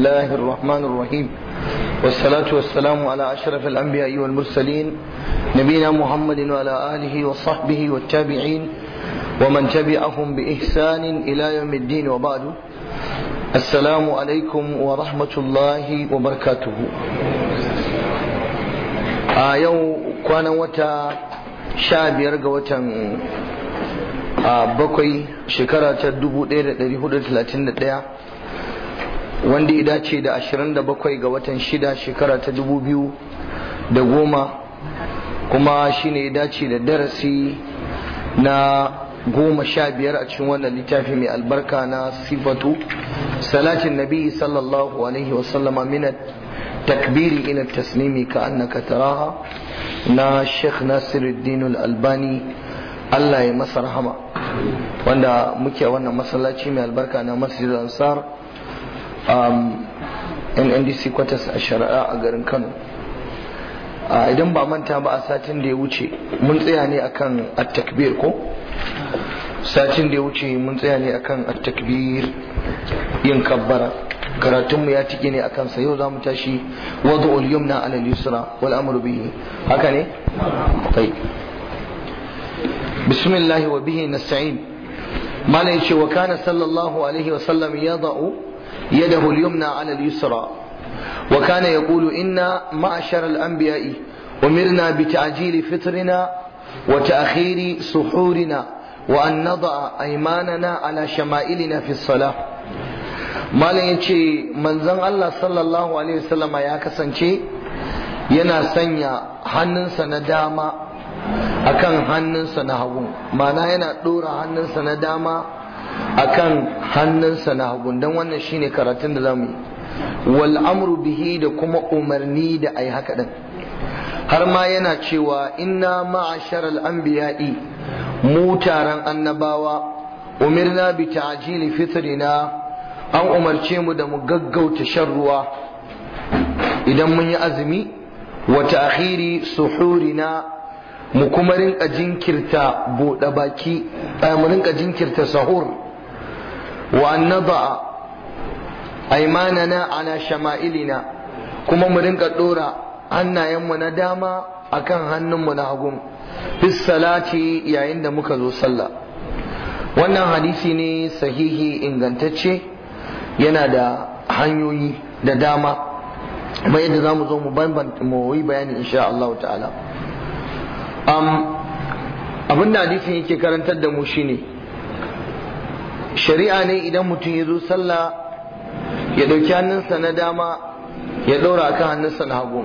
الله الرحمن الرحيم والصلاة والسلام على أشرف الأنبياء والمرسلين نبينا محمد وعلى آله وصحبه والتابعين ومن تبعهم بإحسان إلى يوم الدين وبعد السلام عليكم ورحمة الله وبركاته آيو كان وتا شاب يرقى وتا بقي شكرة دبو دير دير دير wanda ya dace da 27 ga watan 6 shekara ta 2010 kuma shine ya dace da darasi na goma sha biyar a cikin wannan littafi mai albarka na sifatu salatin nabi sallallahu alaihi wasallama min takbiri ila taslimi ka annaka taraha na sheikh nasiruddin albani Allah ya masa rahama wanda muke wannan masallaci mai albarka na masjid ansar Um, NNDC ndc kwatas a shari'a a garin kano uh, idan ba manta ba a satin da ya wuce mun tsaya ne akan at-takbir ko satin da ya wuce mun tsaya ne akan at-takbir yin kabbara karatunmu ya tike ne akan sa yau mu tashi wadda yumna na alal yusra wal amru bihi haka ne kai bismillahi wa bihi nasta'in malai ce wa kana sallallahu alaihi wa sallam yada'u يده اليمنى على اليسرى وكان يقول إنا معشر الأنبياء أمرنا بتعجيل فطرنا وتأخير سحورنا وأن نضع أيماننا على شمائلنا في الصلاة malam ya ce manzon Allah sallallahu alaihi wasallama ya kasance yana sanya hannunsa na dama akan hannunsa na hagu mana yana ɗora hannunsa na dama akan hannunsa na hagun don wannan shine karatun da zamu yi wal bihi da kuma umarni da ai haka din har ma yana cewa inna ma'ashar al-anbiya'i mu taron annabawa umirna bi ta'jili fitrina an umarce mu da mu gaggauta shan ruwa idan mun yi azumi wa ta'khiri suhurina mu kuma rinka jinkirta buɗe baki eh, mu rinka jinkirta sahur wa an naba aimanana ana shama'ilina kuma mu rinka ɗora hannayenmu na dama akan hannunmu na hagu fi ce yayin da muka zo sallah wannan hadisi ne sahihi ingantacce yana da hanyoyi da dama kuma yadda za mu zo mu bambanta mu yi bayani insha Allah ta'ala am abinda hadisi yake karantar da mu shine shari'a ne idan mutum ya zo sallah ya ɗauki hannunsa na dama ya ɗora kan hannunsa na hagu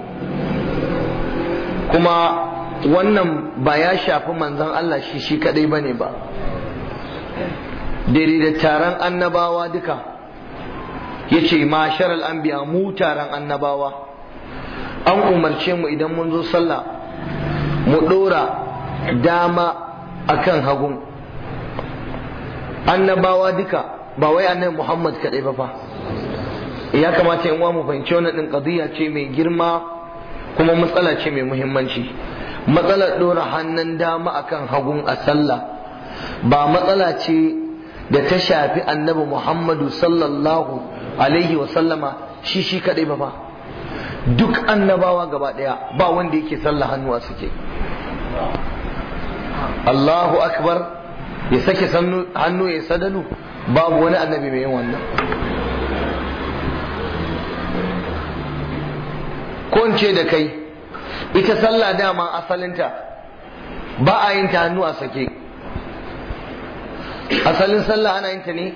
kuma wannan ba ya shafi manzan Allah shi shi kadai ba ne ba daidai da taron annabawa duka ya ce an biya mu taron annabawa an umarce mu idan mun zo sallah mu ɗora dama akan hagu. annabawa duka ba wai annabi Muhammad kadai ba fa ya kamata in mu fahimci wannan din qadiya ce mai girma kuma matsala ce mai muhimmanci matsalar dora hannun dama akan hagun a sallah ba matsala ce da ta shafi annabi Muhammadu sallallahu alaihi wa sallama shi shi kadai ba fa duk annabawa gaba daya ba wanda yake sallah a suke Allahu akbar ya sake hannu ya sadalu babu wani annabi mai yin wannan ko in ce da kai ita sallah dama asalinta ba a yin ta hannu a sake asalin sallah ana yin ta ne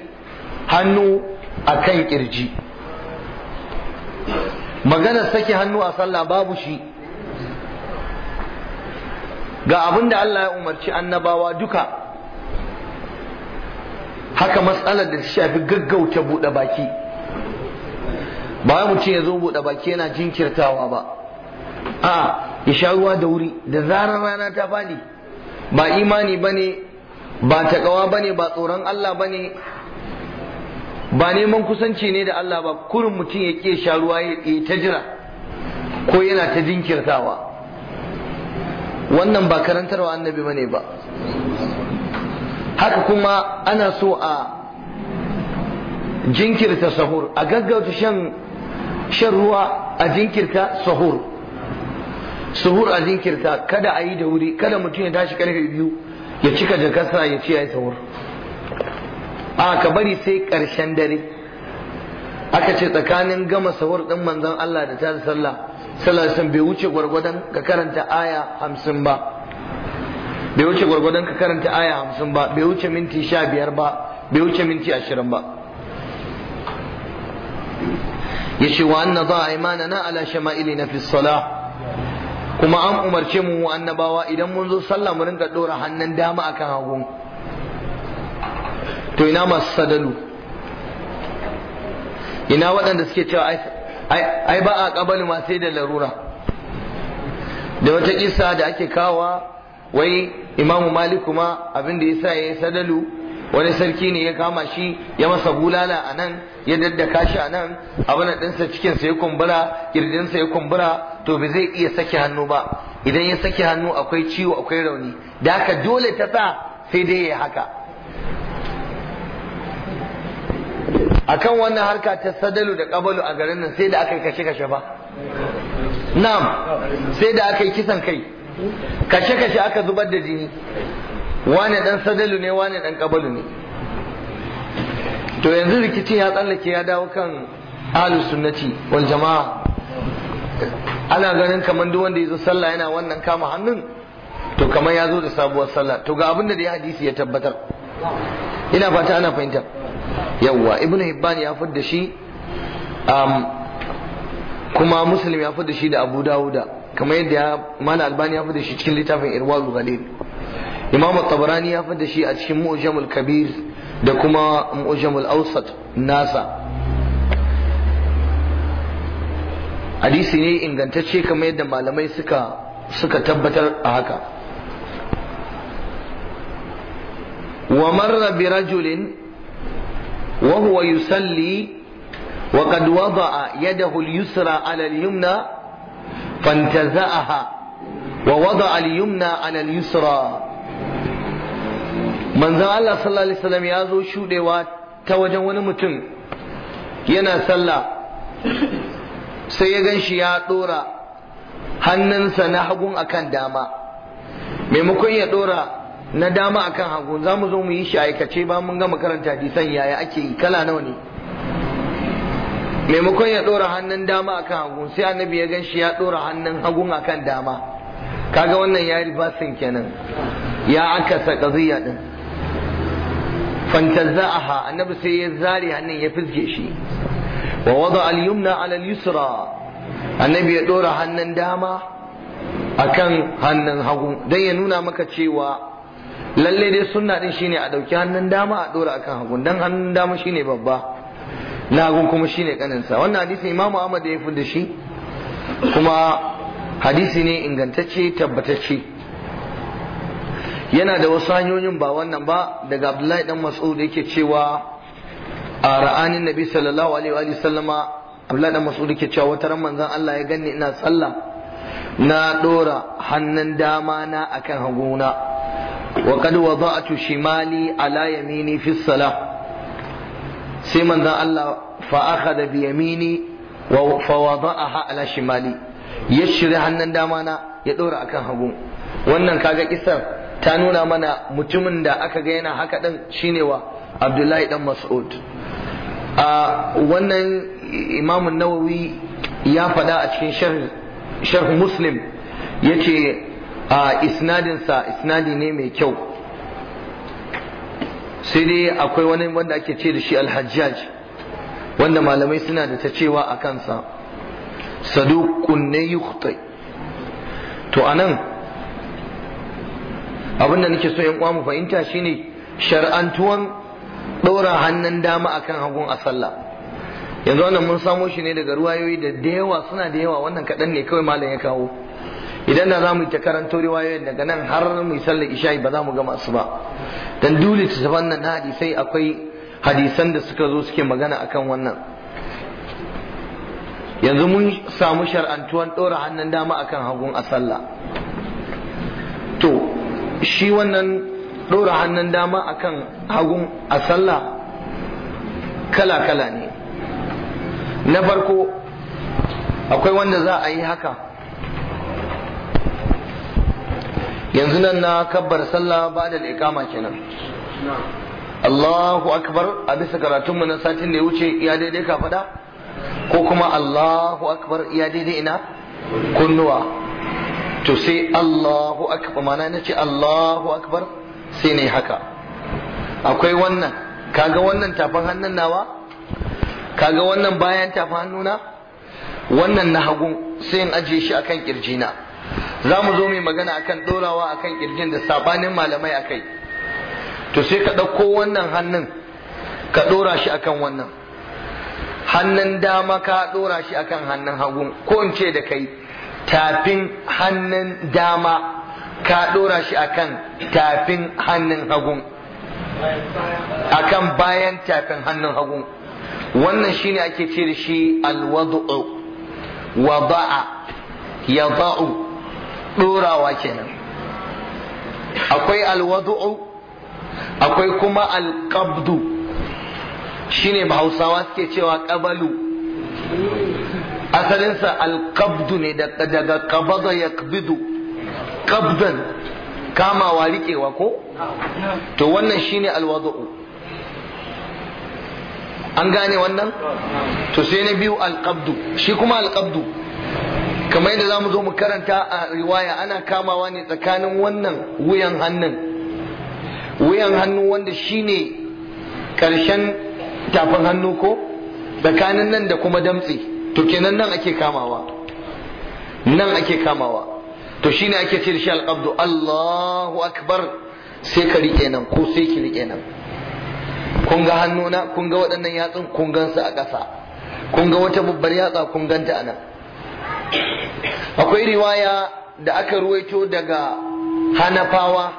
hannu a kan kirji maganar sake hannu a sallah babu shi ga abin da Allah ya umarci annabawa duka haka matsalar da ta shafi gaggauta buɗe baki ba mutum ya zo buɗe baki yana jinkirtawa ba a ya sha ruwa da wuri da zarar rana ta faɗi ba imani ba ne ba taƙawa ba ne ba tsoron Allah ba ne ba neman kusanci ne da Allah ba kurin mutum ya ƙi sha ruwa ya ta jira ko yana ta jinkirtawa wannan ba karantarwa annabi ba ne ba haka kuma ana so a jinkirta sahur a gaggauta shan shan ruwa a jinkirta sahur sahur a jinkirta kada a yi da wuri kada mutum ya tashi karfe biyu ya cika jakasa ya ce ya yi sahur a ka bari sai karshen dare aka ce tsakanin gama sahur ɗin manzon Allah da ta sallah sallah bai wuce gwargwadon ka karanta aya hamsin ba bai wuce gwargwadon ka karanta aya hamsin ba bai wuce minti sha biyar ba bai wuce minti ashirin ba ya ce wa anna za a mana na ala ili na fisola kuma an umarce mu annabawa idan mun zo sallah mu ringa dora hannun dama akan hagu to ina masu sadalu ina waɗanda suke cewa ai ba a ƙabalu ma sai da larura da wata isa da ake kawa wai imamu malik kuma abin da ya sa ya yi sadalu wani sarki ne ya kama shi ya masa bulala a nan ya daddaka shi a nan abin da ɗinsa cikinsa ya kumbura ƙirjinsa ya kumbura to ba zai iya sake hannu ba idan ya sake hannu akwai ciwo akwai rauni da haka dole ta sa sai dai ya haka akan wannan harka ta sadalu da kabalu a garin nan sai da aka yi kashe kashe ba na'am sai da aka yi kisan kai kashe kashe aka zubar da jini wane dan sadalu ne wane dan kabalu ne to yanzu rikici ya tsallake ya dawo kan ahlus sunnati wal jama'a ana ganin kamar duk wanda ya zo sallah yana wannan kama hannun to kamar ya zo da sabuwar sallah to ga abin da ya hadisi ya tabbatar ina fata ana fahimta yawwa ibn hibban ya fadda shi kuma muslim ya fadda shi da abu dawuda kamar yadda ya mala albani ya fi da shi cikin littafin irwazu galil imam tabarani ya fi da shi a cikin mu'jamul kabir da kuma mu'jamul awsat nasa hadisi ne ingantacce kamar yadda malamai suka suka tabbatar a haka wa marra bi rajulin wa huwa yusalli wa qad wada'a yadahu al-yusra ala yumna فانتزعها ووضع اليمنى على اليسرى manzon Allah sallallahu alaihi ya zo shuɗewa ta wajen wani mutum yana sallah sai ya gan shi ya ɗora hannunsa na hagun akan dama maimakon ya ɗora na dama akan hagu za mu zo mu yi shi aikace ba mun gama karanta hadisan yaya ake yi kala nawa ne maimakon ya ɗora hannun dama akan hagu sai annabi ya gan shi ya ɗora hannun hagun akan dama kaga wannan ya sun kenan ya akasa qadiyya din fantaza'aha annabi sai ya zare hannun ya fizge shi wa wada al-yumna ala al-yusra annabi ya ɗora hannun dama akan hannun hagu dan ya nuna maka cewa lalle dai sunna din shine a dauki hannun dama a dora akan hagu dan hannun dama shine babba lagun kuma shine kaninsa wannan hadisi imamu ahmad ya fi da shi kuma hadisi ne ingantacce tabbatacce yana da wasu hanyoyin ba wannan ba daga abdullahi dan mas'ud yake cewa a ra'anin nabi sallallahu alaihi wa sallama abdullahi dan mas'ud yake cewa wata ran manzon Allah ya ganni ina sallah na dora hannun dama na akan haguna wa qad wada'tu shimali ala yamini fi salah sai manzon Allah fa da bi yamini wa fa wada'aha ala shimali ya shirya hannun dama na ya dora akan hagu wannan kaga kisar ta nuna mana mutumin da aka ga yana haka din shine wa Abdullahi dan Mas'ud a wannan Imam Nawawi ya faɗa a cikin sharh Muslim yace a isnadinsa isnadi ne mai kyau sai dai akwai wani wanda ake ce da shi alhajjaj wanda malamai suna da ta cewa a kansa saduqun ne yukhtai to anan abin da nake so yan uwa mu fahimta shine shar'antuwan ɗora hannun dama akan hagun a sallah yanzu wannan mun samo shi ne daga ruwayoyi da da yawa suna da yawa wannan kaɗan ne kawai malam ya kawo idan da yi ta karanto riwayoyin daga nan har mu sallar isha'i ba za mu gama su ba dan dole ta tafi nan hadisai akwai hadisan da suka zo suke magana akan wannan yanzu mun samu shar'antuwan ɗora hannun dama akan hagun a sallah to shi wannan ɗora hannun dama akan hagun a sallah kala-kala ne na farko akwai wanda za a yi haka yanzu nan na kabbar sallah ba da ikama kenan Allahu akbar a bisa karatun mu na satin da ya wuce iya daidai ka faɗa ko kuma Allahu akbar iya daidai ina kunnuwa to sai Allahu akbar mana na ce Allahu akbar sai ne haka akwai wannan kaga wannan tafan hannun nawa kaga wannan bayan tafan hannuna wannan na hagu sai in ajiye shi akan kirjina za mu zo mai magana akan dorawa akan kirgin da sabanin malamai akai to sai ka ɗauko wannan hannun ka ɗora shi akan wannan hannun dama ka ɗora shi akan hannun hagu ko in ce da kai tafin hannun dama ka ɗora shi akan tafin hannun hagu akan bayan tafin hannun hagu wannan shine ake ce da shi alwadu'u wada'a yada'u ɗorawa kenan akwai alwadu'u akwai kuma alƙabdu shine hausawa suke cewa ƙabalu asalinsa alƙabdu ne daga ƙabada ya ƙabidu ƙabdan kamawa riƙewa ko to wannan shine alwadu'u an gane wannan to sai na biyu alƙabdu shi kuma alƙabdu kamar yadda za mu zo mu karanta a riwaya ana kamawa ne tsakanin wannan wuyan hannun wuyan hannu wanda shi ne ƙarshen tafin hannu ko tsakanin nan da kuma damtse to kenan nan ake kamawa nan ake kamawa to shi ne ake cire shi alƙabdu, Allahu akbar sai ka riƙe nan ko sai ki riƙe nan kun ga hannuna kun ga waɗannan yatsun kun gansu a ƙasa kun ga wata babbar yatsa kun ganta a nan akwai riwaya da aka ruwaito daga hanafawa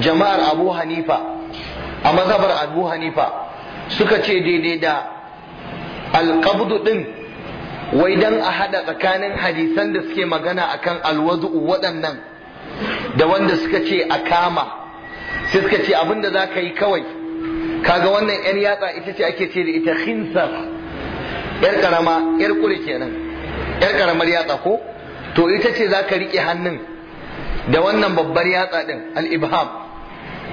jama'ar abu hanifa a mazhabar abu hanifa suka ce daidai da alƙabdu ɗin wai don a haɗa tsakanin hadisan da suke magana akan alwazu waɗannan da wanda suka ce a kama sai suka ce abinda za ka yi kawai kaga wannan 'yan yatsa ita ce ake ce da ita khinsar 'yar ƙarama 'yar kure kenan yar karamar yatsa ko to ita ce za ka riƙe hannun da wannan babbar yatsa ɗin al-Ibham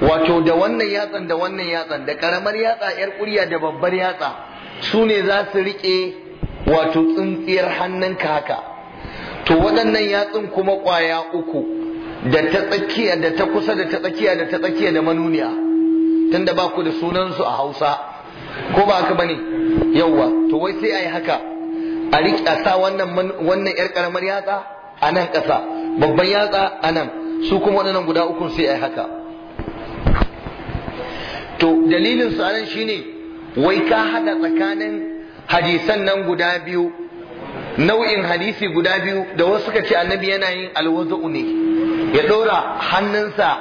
wato da wannan yatsan da wannan yatsan da karamar yatsa yar ƙuriya da babbar yatsa su ne za su riƙe wato tsintsiyar ka haka to waɗannan yatsun kuma ƙwaya uku da ta tsakiya da ta kusa da ta tsakiya da ta tsakiya da manuniya tunda ba ku da sunansu a hausa ko ba haka bane yawwa to wai sai a yi haka a riƙa sa wannan ƴar yar ƙaramar yatsa a nan ƙasa babban yatsa a nan su kuma waɗannan guda uku sai ai haka to dalilin su anan shine wai ka hada tsakanin hadisan nan guda biyu nau'in hadisi guda biyu da wasu suka ce annabi yana yin alwazu ne ya ɗora hannunsa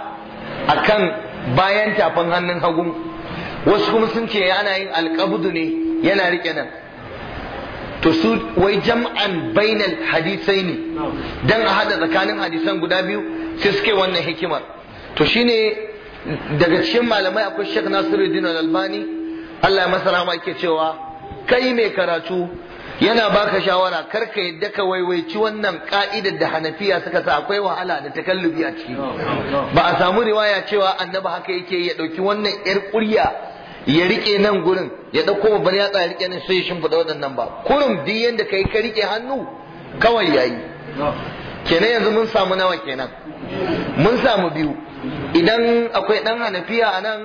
akan bayan tafin hannun hagu wasu kuma sun ce yana yin alƙabudu ne yana riƙe nan to su wai jam'an bainal hadisai ne dan a hada tsakanin hadisan guda biyu sai suke wannan hikimar to shine daga cikin malamai akwai Sheikh Nasiruddin Al-Albani Allah ya masa rahama yake cewa kai mai karatu yana baka shawara kar ka yadda ka waiwaici wannan ka'idar da hanafiya suka sa akwai wahala da takallubi a ciki ba a samu riwaya cewa annabi haka yake ya dauki wannan yar ƙurya. ya rike nan gurin ya ɗauko babban yatsa ya rike nan sai ya da waɗannan ba kurum duk yanda kai ka rike hannu kawai yayi kenan yanzu mun samu nawa kenan mun samu biyu idan akwai ɗan hanafiya a nan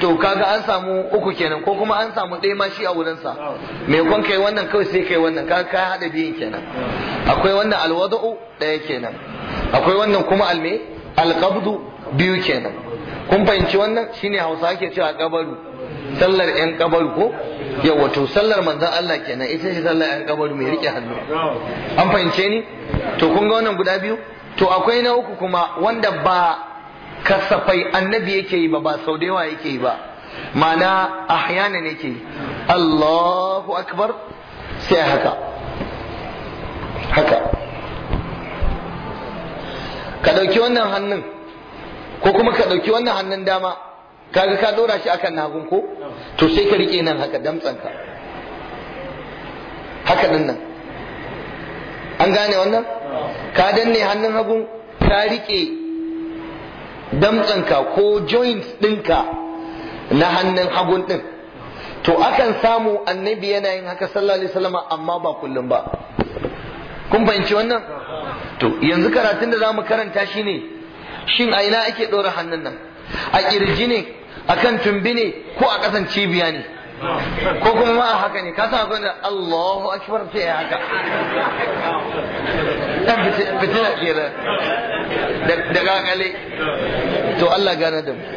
to kaga an samu uku kenan ko kuma an samu ɗaya ma shi a wurinsa me kwan kai wannan kawai sai kai wannan kaga ka haɗa biyun kenan akwai wannan alwada'u ɗaya kenan akwai wannan kuma alme alqabdu biyu kenan kun fahimci wannan shine hausa ake cewa kabaru sallar yan kabaru ko yawa to sallar manzon Allah kenan ita ce sallar yan kabaru mai rike hannu an fahimce ni to kun ga wannan guda biyu to akwai na uku kuma wanda ba kasafai annabi yake yi ba ba sau da yawa yake yi ba ma'ana ahyana ne ke Allahu akbar sai haka haka ka ɗauki wannan hannun ko kuma ka ɗauki wannan hannun dama kaga ka dora shi akan nagun ko to sai ka rike nan haka damtsanka haka nan nan an gane wannan ka danne hannun hagun ka rike damtsanka ko joint ɗinka na hannun hagun ɗin to akan samu annabi yana yin haka sallallahu alaihi wasallam amma ba kullum ba kun fahimci wannan to yanzu karatun da zamu karanta shine shin a ina ake ɗora hannun nan a kirji ne akan tumbi ne ko a kasan cibiya ne ko kuma ma haka ne ka san akwai da Allahu akbar sai ya haka dan fitina kenan da kakale to Allah gane da mu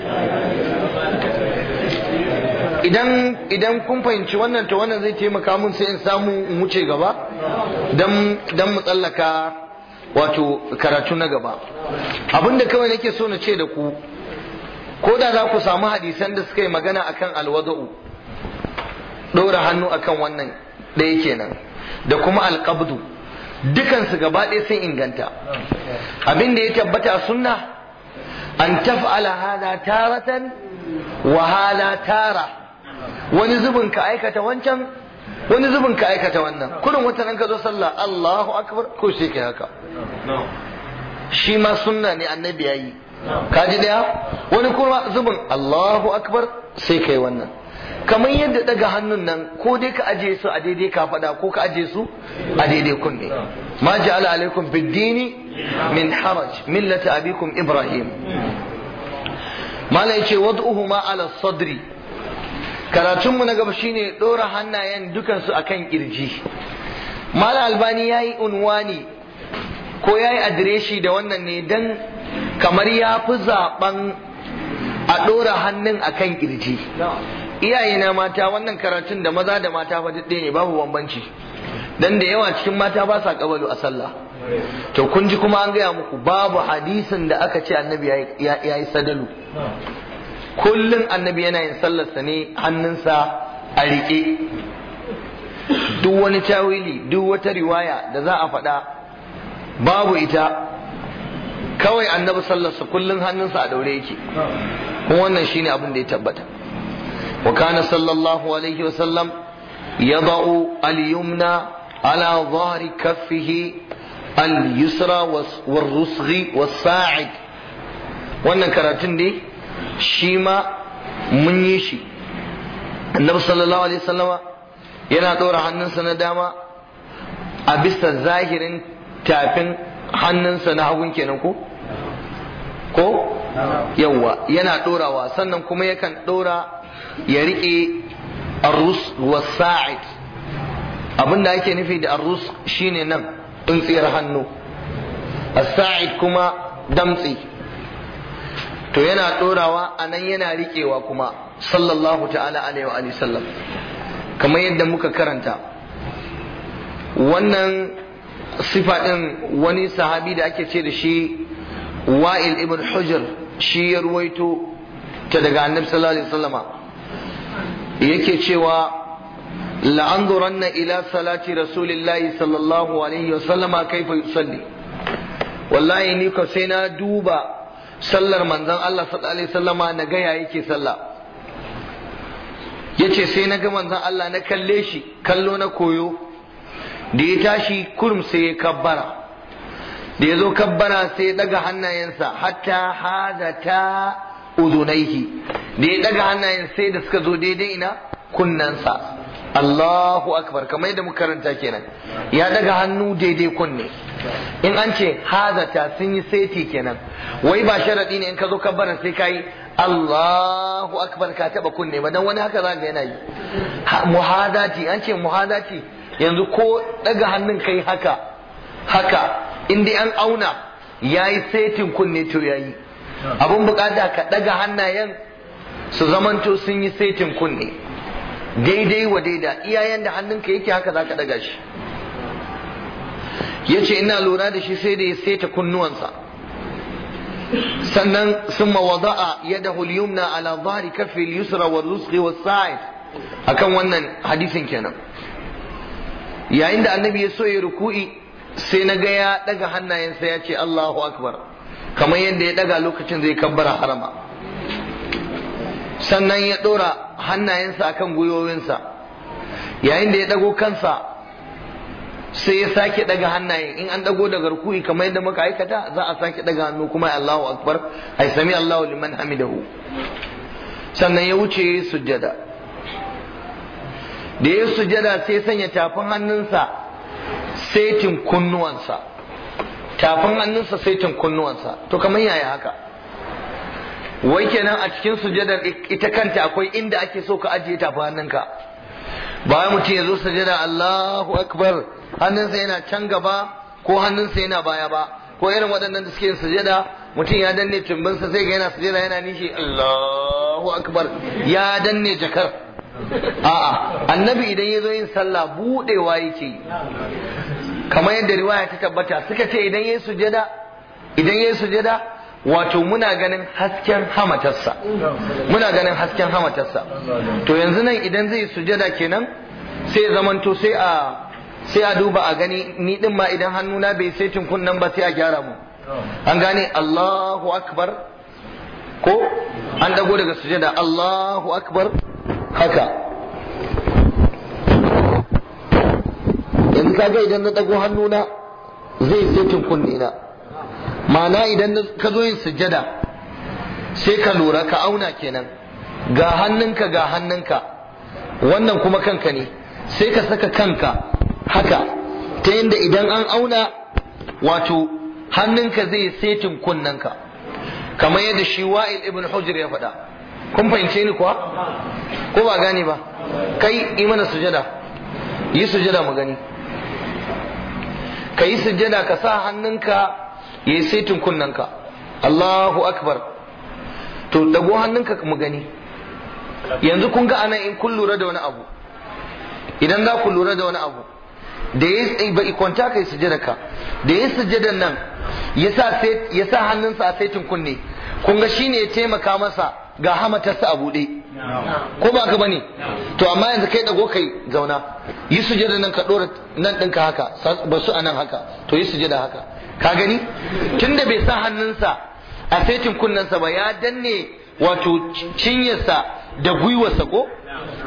idan idan kun fahimci wannan to wannan zai taimaka mun sai in samu in wuce gaba dan dan mu tsallaka wato karatu na gaba abinda kawai nake so na ce da ku ko da za ku samu hadisan da suka yi magana akan alwada'u ɗora hannu akan wannan ɗaya kenan da kuma alƙabdu dukansu gaba ɗaya sun inganta abin da ya tabbata a sunna an taf'ala hala taratan wa hala tara wani zubin ka aikata wancan wani zubin ka aikata wannan kurin wata nan ka zo sallah Allahu akbar ko sai ke haka shi ma sunna ne annabi yayi kaji daya wani kuma zubin Allahu akbar sai kai wannan kamar yadda daga hannun nan ko dai ka aje su a daidai ka fada ko ka aje su a daidai kunne ma ja'ala alaikum biddini min haraj millata abikum ibrahim malai ce wad'uhuma ala sadri karatunmu na gaba shine dora hannayen dukansu akan kirji malai albani yayi unwani ko yayi adireshi da wannan ne dan kamar ya fi zaɓen a ɗora hannun a kan ƙirji na mata wannan karatun da maza da mata fa duk ne babu bambanci dan da yawa cikin mata ba sa ƙabalu a sallah to kun ji kuma an gaya muku babu hadisin da aka ce annabi ya yi sadalu kullum annabi yana yin sallarsa ne hannunsa a riƙe duk wani tawili duk wata riwaya da za a faɗa babu ita kawai annabi sallarsa kullum hannunsa a daure yake kuma wannan shine abin da ya tabbata wa kana sallallahu alaihi wa sallam yada'u al-yumna ala dhahri kaffihi al-yusra war-rusghi was-sa'id wannan karatun ne shi ma mun yi shi annabi sallallahu alaihi wa sallama yana ɗora hannunsa na dama a bisa zahirin tafin hannunsa na hagun kenan ko ko yawa yana dorawa sannan kuma yakan dora ya rike arus wasa'id abinda ake nufi da arus shine nan tsintsiyar hannu said kuma damtsi to yana dorawa nan yana rikewa kuma sallallahu ta'ala alaihi wa sallam kamar yadda muka karanta wannan sifa ɗin wani sahabi da ake ce da shi wa'il ibn hujr shi ya ruwaito ta daga annabi sallallahu alaihi wasallama yake cewa la'anzuranna ila salati rasulillahi sallallahu alaihi wasallama kaifa yusalli wallahi ni ko sai na duba sallar manzon Allah sallallahu alaihi wasallama na ga yake sallah yace sai na ga manzon Allah na kalle shi kallo na koyo da ya tashi kurum sai ya kabbara da ya zo kabbara sai ya daga hannayensa hatta ta uzunaihi da ya daga hannayen sai da suka zo daidai ina kunnansa Allahu akbar kamar yadda muka karanta kenan ya daga hannu daidai kunne in an ce ta sun yi saiti kenan wai ba sharadi ne in ka zo kabbara sai ka yi Allahu akbar ka taba kunne ba dan wani haka za ga yana yi muhadati an ce muhadati yanzu ko daga hannun kai haka haka inda 'yan an auna yayi setin kunne to yayi abun bukata ka daga hannayen su zamanto sun yi setin kunne daidai wa daida iyayen da hannun ka yake haka zaka daga shi yace ina lura da shi sai da ya seta kunnuwansa sannan summa wada'a yadahu al-yumna ala dhahri kaffi al-yusra wa rizqi was-sa'id akan wannan hadisin kenan yayin da annabi ya so ya ruku'i sai na ga ya daga hannayensa ya ce Allahu akbar kamar yadda ya daga lokacin zai kabbara harama sannan ya dora hannayensa akan gwiwowinsa yayin da ya dago kansa sai ya sake daga hannaye in an dago daga ruku'i kamar yadda muka aikata za a sake daga hannu kuma Allahu akbar ai sami Allahu liman hamidahu sannan ya wuce sujjada da ya sujada sai sanya tafin hannunsa saitin kunnuwansa tafin hannunsa saitin kunnuwansa to kamar yaya haka wai kenan a cikin sujadar ita kanta akwai inda ake so ka ajiye tafin hannunka bayan mutum ya zo sujada Allahu akbar hannunsa yana can gaba ko hannunsa yana baya ba ko irin waɗannan da suke sujada mutum ya danne tumbinsa sai ga yana sujada yana nishi Allahu akbar ya danne jakar a'a annabi idan ya zo yin sallah budewa yake kamar yadda riwaya ta tabbata suka ce idan yayi sujada idan yayi sujada wato muna ganin hasken hamatarsa muna ganin hasken hamatarsa to yanzu nan idan zai sujada kenan sai zamanto sai a sai a duba a gani ni din ma idan hannuna bai sai tunkun nan ba sai a gyara mu an gane Allahu akbar ko an dago daga sujada Allahu akbar haka yanzu kaga idan na dago hannuna zai setin na ma'ana idan ka zo yin sujjada sai ka lura ka auna kenan ga hannunka ga hannunka wannan kuma kanka ne sai ka saka kanka haka ta yadda idan an auna wato hannunka zai setin kunnanka kamar yadda shi wa'il ibn hujr ya faɗa kun fahimce ni kuwa ko ba gane ba kai yi mana sujada yi sujada mu gani ka yi sujada ka sa hannunka ya yi saitin kunnanka Allahu akbar to dago hannunka mu gani yanzu kun ga ana in kun lura da wani abu idan za ku lura da wani abu da ya ba ikonta kai sujada ka da ya sujada nan ya sa hannunsa a saitin kunne kun ga shine ya taimaka masa ga hamatarsa a buɗe ko ba ka bane to amma yanzu kai dago kai zauna yi sujada nan ka dora nan ɗinka haka ba su anan haka to yi sujada haka ka gani tunda bai sa hannunsa a saitin kunnensa ba ya danne wato cinyarsa da gwiwarsa ko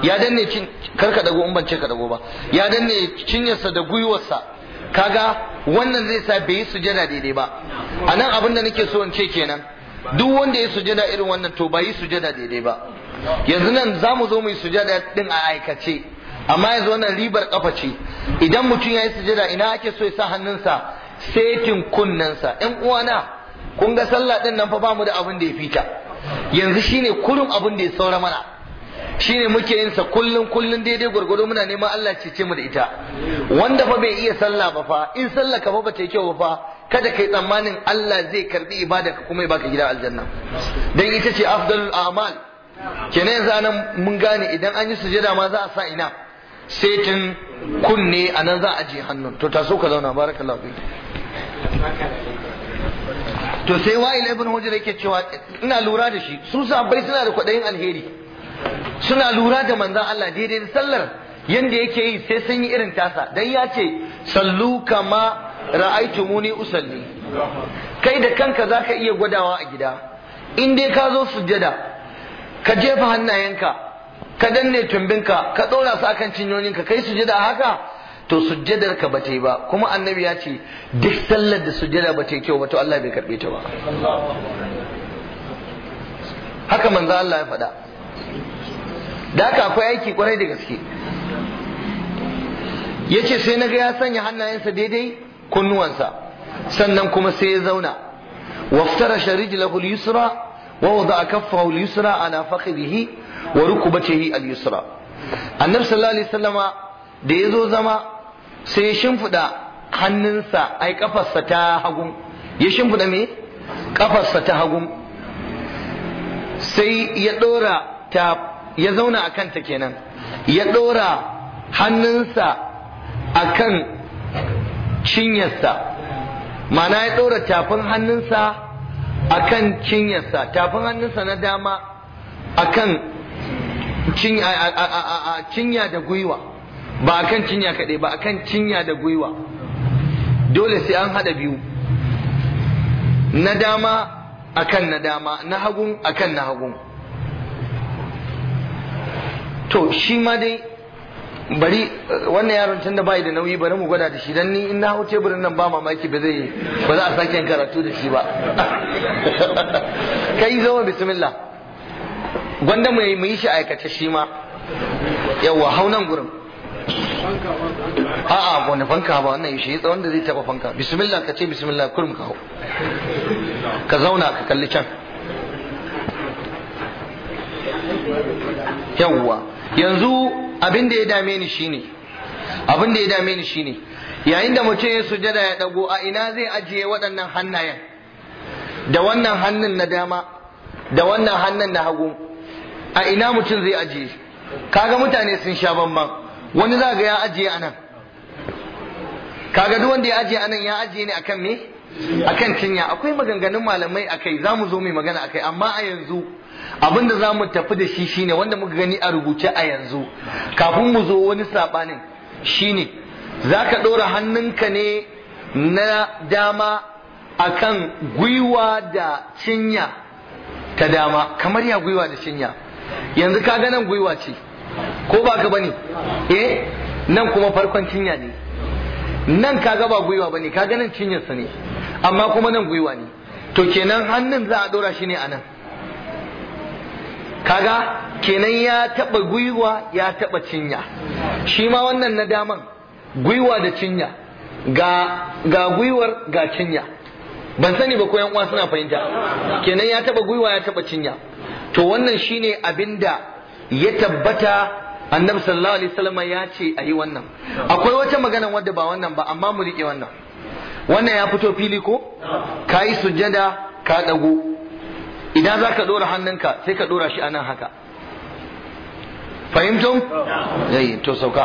ya danne cin karka dago in bance ka dago ba ya danne cinyarsa da gwiwarsa kaga wannan zai sa bai yi sujada daidai ba anan abin da nake so in ce kenan duk wanda ya sujada irin wannan to ba yi sujada daidai ba yanzu nan za mu zo mu yi sujada din a aikace amma yanzu wannan ribar kafa ce idan mutum ya yi sujada ina ake so ya sa hannunsa setin kunnensa ƴan uwana kun ga sallah din nan fa ba mu da abin da ya fita yanzu shine kurum abin da ya saura mana ne muke yin sa kullum kullum daidai gurgudu muna neman Allah ya cece mu da ita wanda fa bai iya sallah ba fa in sallah ka fa ba ta kyau ba fa kada kai tsammanin Allah zai karbi ibada ka kuma ya baka gida aljanna dan ita ce afdalul a'mal kenan yanzu anan mun gane idan an yi sujada ma za a sa ina setin kunne anan za a je hannun to taso ka zauna barakallahu fi to sai wa'il ibn hujr yake cewa ina lura da shi su sahabbai suna da kwadayin alheri suna lura da manzan Allah daidai da sallar yadda yake yi sai sun yi irin tasa dan ya ce sallu kama muni usalli kai da kanka za ka iya gwadawa a gida in dai ka zo sujjada ka jefa hannayenka ka danne tumbinka ka ɗora su akan cinyoninka kai sujjada haka to sujjadar ka bata yi ba kuma annabi ya ce duk sallar da sujjada bata yi kyau ba to Allah bai karbe ta ba haka manzo Allah ya faɗa da haka akwai aiki kwarai da gaske ya ce sai na ga ya sanya hannayensa daidai kunnuwansa sannan kuma sai ya zauna waftara sharij lahul yusra wa wada kaffahu yusra ala fakhidhi wa rukubatihi al yusra annabi sallallahu alaihi wasallama da ya zo zama sai ya shimfida hannunsa ai kafarsa ta hagun ya shimfida me kafarsa ta hagun sai ya ɗora ta ya zauna a kanta kenan ya ɗora hannunsa a kan cinyarsa mana ya ɗora tafin hannunsa a kan cinyarsa tafin hannunsa na dama a kan cinya da gwiwa ba a kan cinya kaɗai ba a kan cinya da gwiwa dole sai an haɗa biyu na dama a kan na dama na hagun kan na hagun to shi ma dai bari wannan yaron tun da bai da nauyi bari mu gwada da shi dan ni in na hau teburin nan ba mamaki ba zai ba za a sake karatu da shi ba kai zama bismillah gwanda mu yi shi aikace shi ma yawa hau nan gurin a'a wani fanka ba wannan yaushe ya tsawon da zai taba fanka bismillah ka ce bismillah kurum ka hau ka zauna ka kalli can yawwa yanzu abin da ya dame ni shine abin da ya dame ni shine yayin da mutum ya sujada ya dago a ina zai ajiye waɗannan hannayen da wannan hannun na dama da wannan hannun na hagu a ina mutum zai ajiye kaga mutane sun sha bamban wani za ga ya ajiye anan kaga duk wanda ya ajiye anan ya ajiye ne akan me akan cinya akwai maganganun malamai akai za mu zo mai magana akai amma a yanzu abin da za mu tafi da shi shine wanda muka gani a rubuce a yanzu kafin mu zo wani saɓanin shine za ka ɗora hannunka ne na dama akan gwiwa da cinya ta dama kamar ya gwiwa da cinya yanzu ka ga nan gwiwa ce ko ba ka bane eh nan kuma farkon cinya ne nan ka ga ba gwiwa bane ka ganin cinyarsa ne amma kuma nan gwiwa ne to kenan hannun za a ɗora shi ne a nan kaga kenan ya taba gwiwa ya taba cinya shi ma wannan na daman gwiwa da cinya ga ga gwiwar ga cinya ban sani ba ko yan uwa suna fahimta kenan ya taba gwiwa ya taba cinya to wannan shine abinda ya tabbata annabi sallallahu alaihi wasallam ya ce ayi wannan akwai wata magana wadda ba wannan ba amma mu rike wannan wannan ya fito fili ko kayi sujjada ka dago idan za ka ɗora hannunka sai ka ɗora shi anan haka fahimtum? yayi to sauka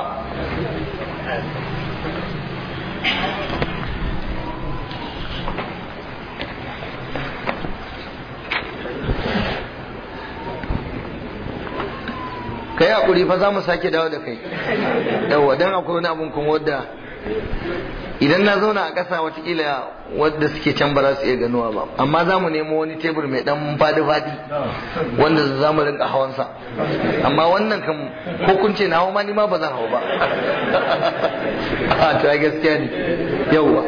ka yi haƙuri fa za mu sake dawo da kai yawwa don akwai wani abun kuma wadda idan na zauna a ƙasa watakila wadda suke can ba su iya ganuwa ba amma za mu nemo wani tebur mai dan fadi-fadi wanda za mu rinka hawansa amma wannan kan ko na hau ma ni ba zan hau ba a ta gaskiya ne yauwa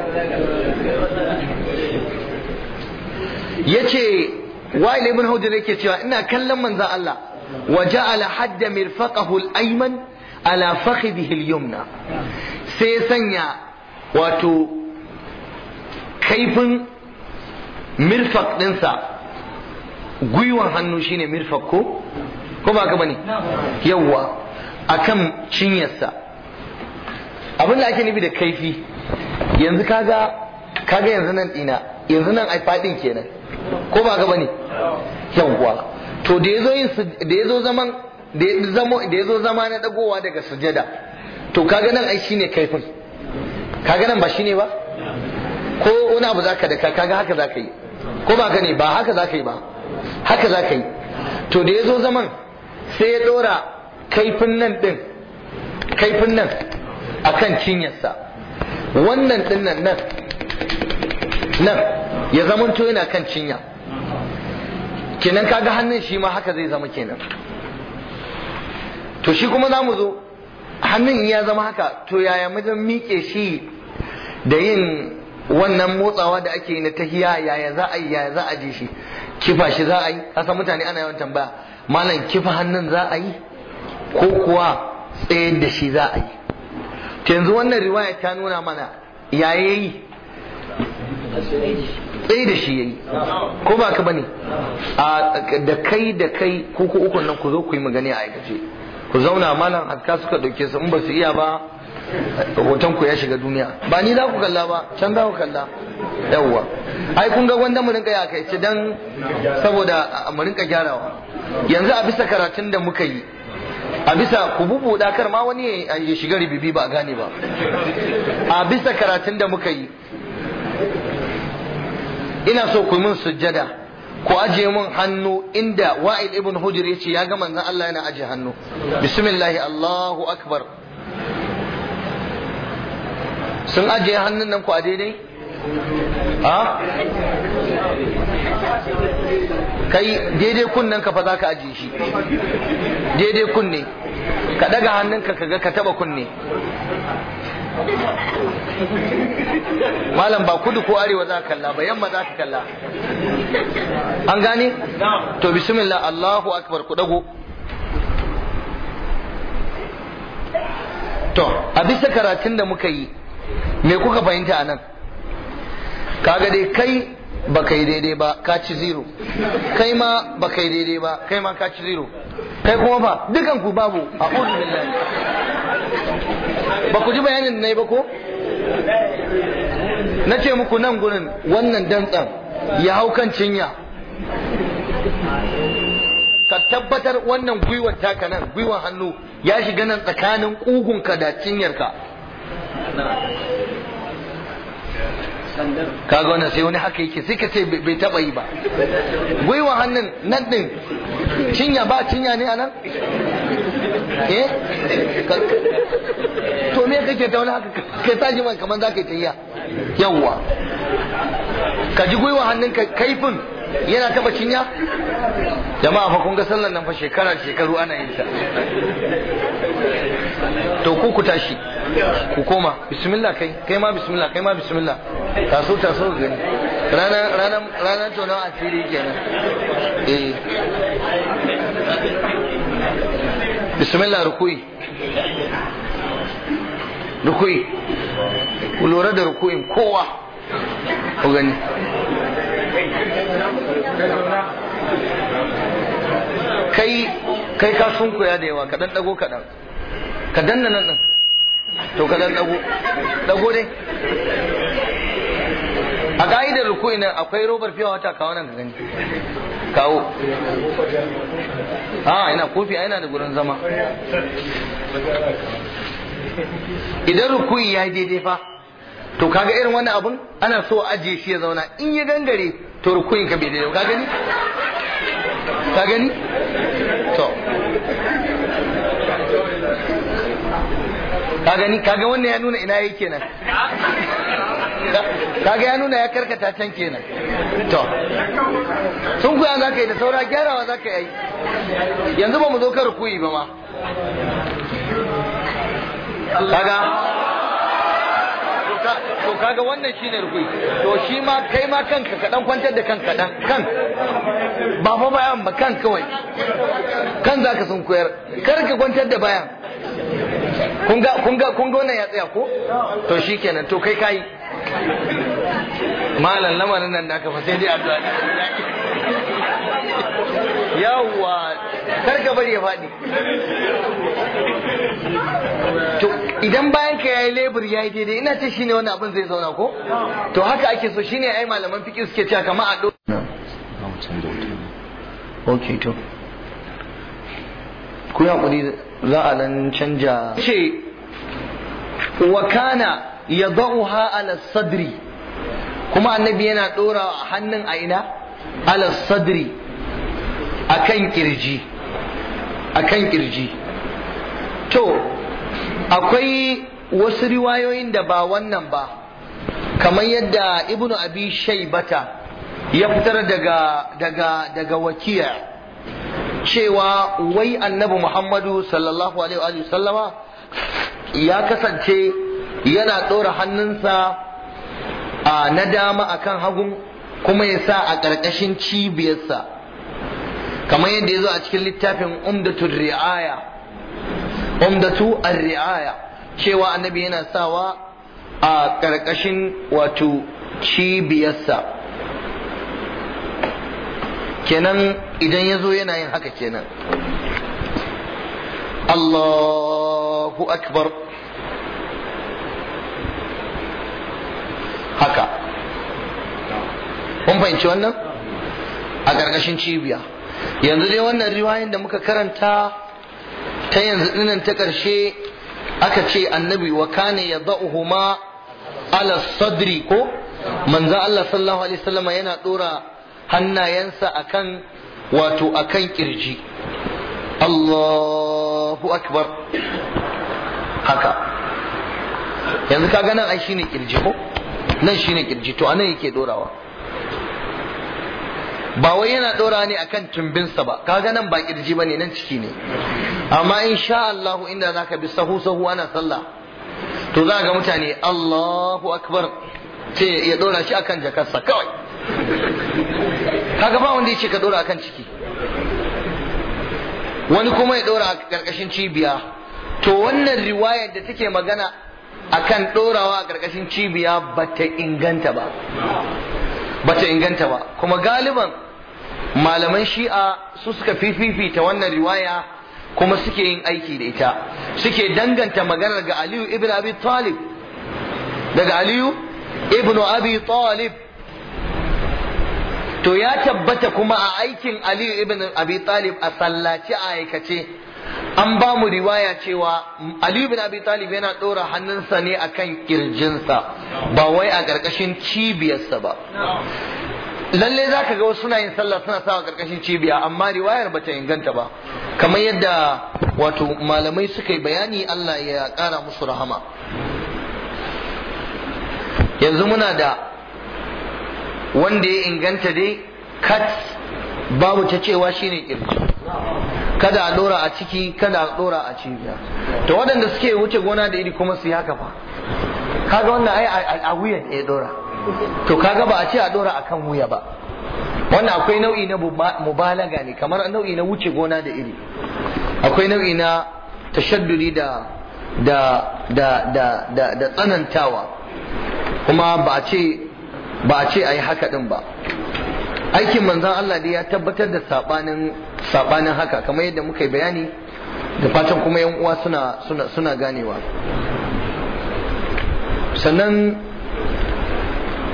ya ce wa'il ibn hau yake cewa ina kallon manzan Allah wa ja'ala hadda mirfaqahu al-ayman ala fakhidhihi al-yumna sai sanya wato kaifin mirfak ɗinsa gwiwan hannu shine mirfak ko ko ba ka bane yawwa akan cinyarsa abin da ake nufi da kaifi yanzu kaga kaga yanzu nan dina yanzu nan ai fadin kenan ko ba ka bane yawwa to da yazo yin da yazo zaman da yazo zama na dagowa daga sujada to kaga nan ai shine kaifin kaga nan ba shine ba ko wani abu zaka da kaga haka zaka yi ko ba gane ba haka zaka yi ba haka zaka yi to da yazo zaman sai ya dora kaifin nan din kaifin nan akan cinyarsa wannan din nan nan nan ya zamanto yana kan cinya kenan kaga hannun shi ma haka zai zama kenan to shi kuma za mu zo hannun ya zama haka to yaya wajen miƙe shi da yin wannan motsawa da ake yi na tahiya yaya za a yi yaya za a ji shi kifa shi za a yi kasa mutane ana yawan tambaya malam kifa hannun za a yi ko kuwa tsayar da shi za a yi yanzu wannan riwaya ta nuna mana yaya yi tsaye da shi yayi ko ba ka bane da kai da kai ko ku ukun nan ku zo ku yi magani a aikace ku zauna malam hatta suka dauke su in ba su iya ba hoton ku ya shiga duniya ba ni za ku kalla ba can za ku kalla yawwa ai kun ga wanda mu rinka ya kai ci dan saboda mu rinka gyarawa yanzu a bisa karatun da muka yi a bisa ku bubuɗa kar ma wani ya shiga ribibi ba a gane ba a bisa karatun da muka yi ina so ku min sujjada ku aje mun hannu inda wa'il ibn hujr yace ya ga manzon Allah yana aje hannu bismillah Allahu akbar sun aje hannun nan ku a daidai ha kai daidai kunnen ka fa za ka aje shi daidai kunne ka daga hannunka ka ga ka taba kunne malam ba kudu ko arewa za ka kalla ba yamma za ka kalla an gane to bismillah Allahu akbar ku dago to a bisa karatun da muka yi me kuka fahimta anan kaga dai kai ba kai daidai ba ka ci zero kai ma ba kai daidai ba kai ma ka ci zero kai kuma ba dukan ku babu a ƙudu billahi ba ku ji bayanin na yi ba ko na ce muku nan gurin wannan dantsan ya hau kan cinya ka tabbatar wannan gwiwar taka nan gwiwar hannu ya shiga nan tsakanin ƙugunka da cinyarka kaga wannan sai wani haka yake sai ka ce bai taba yi ba gwiwa hannun nan din cinya ba cinya ne anan eh to me kake ta wani haka ke sa man kamar zaka yi tayya yawa ka ji gwiwa hannun ka kaifin yana taba cinya jama'a fa kun ga sallan nan fa shekara shekaru ana yin ta to ku ku tashi ku koma bismillah kai kai ma bismillah kai ma bismillah taso taso gani rana rana rana to na asiri kenan eh bismillah rukui rukui ku lura da rukuin kowa ku gani kai kai ka sunkuya da yawa ka dan dago kadan ka danna nan din to ka dan dago dago dai a ka'idar ruku'i nan akwai robar fiye wata kawo nan ka gani kawo a ina kofi a ina da gurin zama idan ruku'i ya yi daidai fa to kaga irin wani abun ana so ajiye shi ya zauna in ya gangare to ruku'in ka bai daidai ka gani ka gani kaga ni kaga wannan ya nuna ina yake nan kaga ya nuna ya karkata can kenan to sun kuya za ka yi da saura gyarawa za ka yi yanzu ba mu zo ka kuyi ba ma kaga to kaga wannan shine rukui to shi ma kai ma kanka kadan kwantar da kanka dan kan ba fa bayan ba kan kawai kan zaka sun koyar kar ka kwantar da bayan kun ga wannan ya tsaya ko to shikenan to kai kai malam lamarin nan da fa sai dai addu'a yawwa kar ka bari ya faɗi to idan bayan ka yayi lebur yayi daidai ina ce shine wannan abin zai zauna ko to haka ake so shine ai malaman fiqh suke cewa kamar a do Okay, to. ku yi hakuri za a nan canja ce wa kana ya da'uha ala sadri kuma annabi yana ɗora hannun a ina ala sadri akan kirji kan kirji to akwai wasu riwayoyin da ba wannan ba kamar yadda ibnu abi shaibata ya fitar daga daga daga wakiya cewa wai annabi Muhammadu sallallahu alaihi wa sallama ya kasance yana ɗora hannunsa a na dama akan hagun kuma ya sa a ƙarƙashin cibiyarsa kamar yadda ya zo a cikin littafin umdatu ri'aya umdatu riaya cewa annabi yana sawa a ƙarƙashin wato cibiyarsa kenan idan ya zo yana yin haka kenan Allahu akbar haka kun fahimci wannan a ƙarƙashin cibiya yanzu dai wannan riwayin da muka karanta ta yanzu dinan ta ƙarshe aka ce annabi wa kane ya za'uhuma ala sadri ko manzo Allah sallallahu alaihi wasallam yana dora hannayensa a kan wato kan ƙirji Allahu akbar haka yanzu ka nan ai shine ƙirji ko nan shine ƙirji to anan yake dorawa ba wai yana dora ne akan tumbinsa ba kaga nan ba kirji ne nan ciki ne amma in sha Allah inda za ka bi sahu sahu ana sallah to za ga mutane Allahu akbar ce ya dora shi akan jakarsa kawai kaga ba wanda ce ka dora kan ciki wani kuma ya dora a karkashin cibiya to wannan riwayar da take magana akan dorawa a karkashin cibiya ba ta inganta ba Ba ta inganta ba kuma galiban malaman shi'a su suka fififita wannan riwaya kuma suke yin aiki da ita suke danganta maganar ga Aliyu ibn Abi Talib daga Aliyu ibn Abi Talib to ya tabbata kuma a aikin Ali ibn Abi Talib a sallaci a aikace an ba mu riwaya cewa Ali ibn Abi Talib yana ɗora hannunsa ne akan kirjinsa ba wai a ƙarƙashin cibiyarsa ba lalle za ka ga wasu suna yin sallah suna sawa karkashin cibiya amma riwayar bata inganta ba kamar yadda wato malamai suka yi bayani Allah ya ƙara musu rahama yanzu muna da wanda ya inganta dai kat babu ta cewa shine kirji kada a dora a ciki kada a dora a cibiya to waɗanda suke wuce gona da iri kuma su yi haka fa kaga wannan ai a wuyan ya dora to kaga ba a ce a dora akan wuya ba wannan akwai nau'i na mubalaga ne kamar nau'i na wuce gona da iri akwai nau'i na tashaddudi da da da da, da tsanantawa kuma ba a ce ba a ce a yi haka ɗin ba aikin manzan Allah da ya tabbatar da sabanin haka kamar yadda muka yi bayani da fatan kuma yan uwa suna ganewa sannan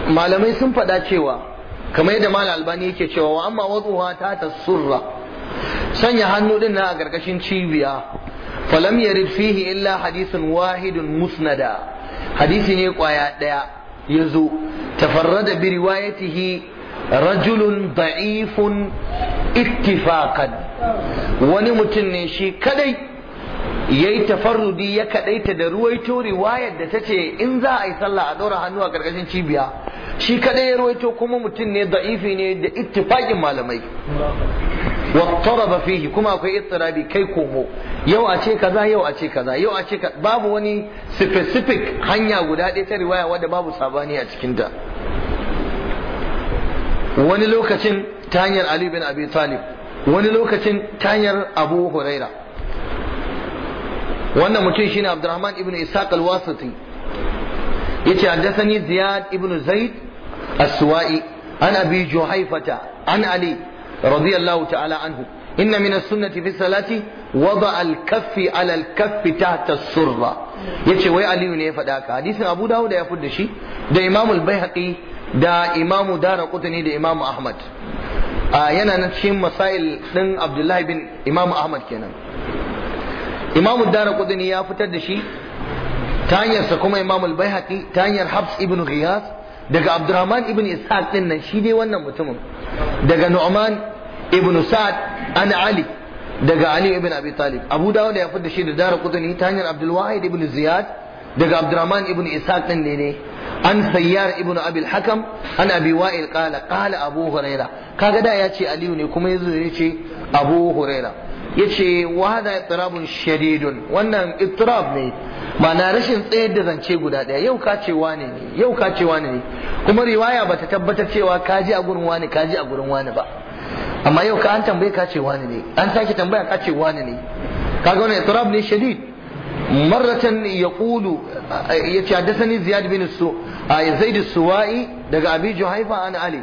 malamai sun faɗa cewa kamar yadda malam albani yake cewa wa amma wadduha ta surra sanya hannu din na a gargashin cibiya falam yarid fihi illa hadisin wahidun musnada hadisi ne kwaya daya ya zo tafarrada bi riwayatihi rajulun da'ifun ittifaqan wani mutum ne shi kadai yayi tafarrudi ya kadaita da ruwaito riwayar da tace in za a yi sallah a dora hannu a gargashin cibiya shi kadai ya ruwaito kuma mutum ne da'ifi ne da ittifaqin malamai wattaraba fihi kuma akwai ittirabi kai komo yau a ce kaza yau a ce kaza yau a ce babu wani specific hanya guda ɗaya ta riwaya wadda babu sabani a cikin ta wani lokacin ta hanyar Ali bin Abi Talib wani lokacin ta hanyar Abu Huraira wannan mutum shine Abdurrahman ibn Ishaq al-Wasiti yace haddathani Ziyad ibn Zaid as-Suwa'i an Abi Juhaifata an Ali radiyallahu ta'ala anhu inna min as-sunnati fi salati wada al-kaffi ala al-kaffi tahta as-surra yace wai Aliyu ne ya faɗa ka hadisin Abu Dawud ya fudda shi da Imam al-Baihaqi da Imam Daraqutni da Imam Ahmad yana nan cikin masail din Abdullahi bin Imam Ahmad kenan imamu dara kudini ya fitar da shi ta sa kuma imamu albayhaqi ta hanyar habs ibn ghiyas daga abdurrahman ibn ishaq din nan shi dai wannan mutumin daga nu'man ibn sa'ad an ali daga ali ibn abi talib abu dawud ya fitar da shi da dara kudini ta hanyar abdul wahid ibn ziyad daga abdurrahman ibn ishaq din ne an sayyar ibn abi hakam an abi wa'il qala qala abu huraira kaga da ya ce aliyu ne kuma yanzu ya ce abu huraira yace wa hada itirabun shadidun wannan itirab ne ma'ana rashin tsayar da zance guda daya yau ka ce wane ne yau ka ce wane ne kuma riwaya ta tabbatar cewa ka ji a gurin wane ka ji a gurin wane ba amma yau ka an tambaye ka ce wane ne an sake tambaya ka ce wane ne kaga wannan itirab ne shadid ya yaqulu yace hadathani ziyad bin su zaid suwai daga abi juhaifa an ali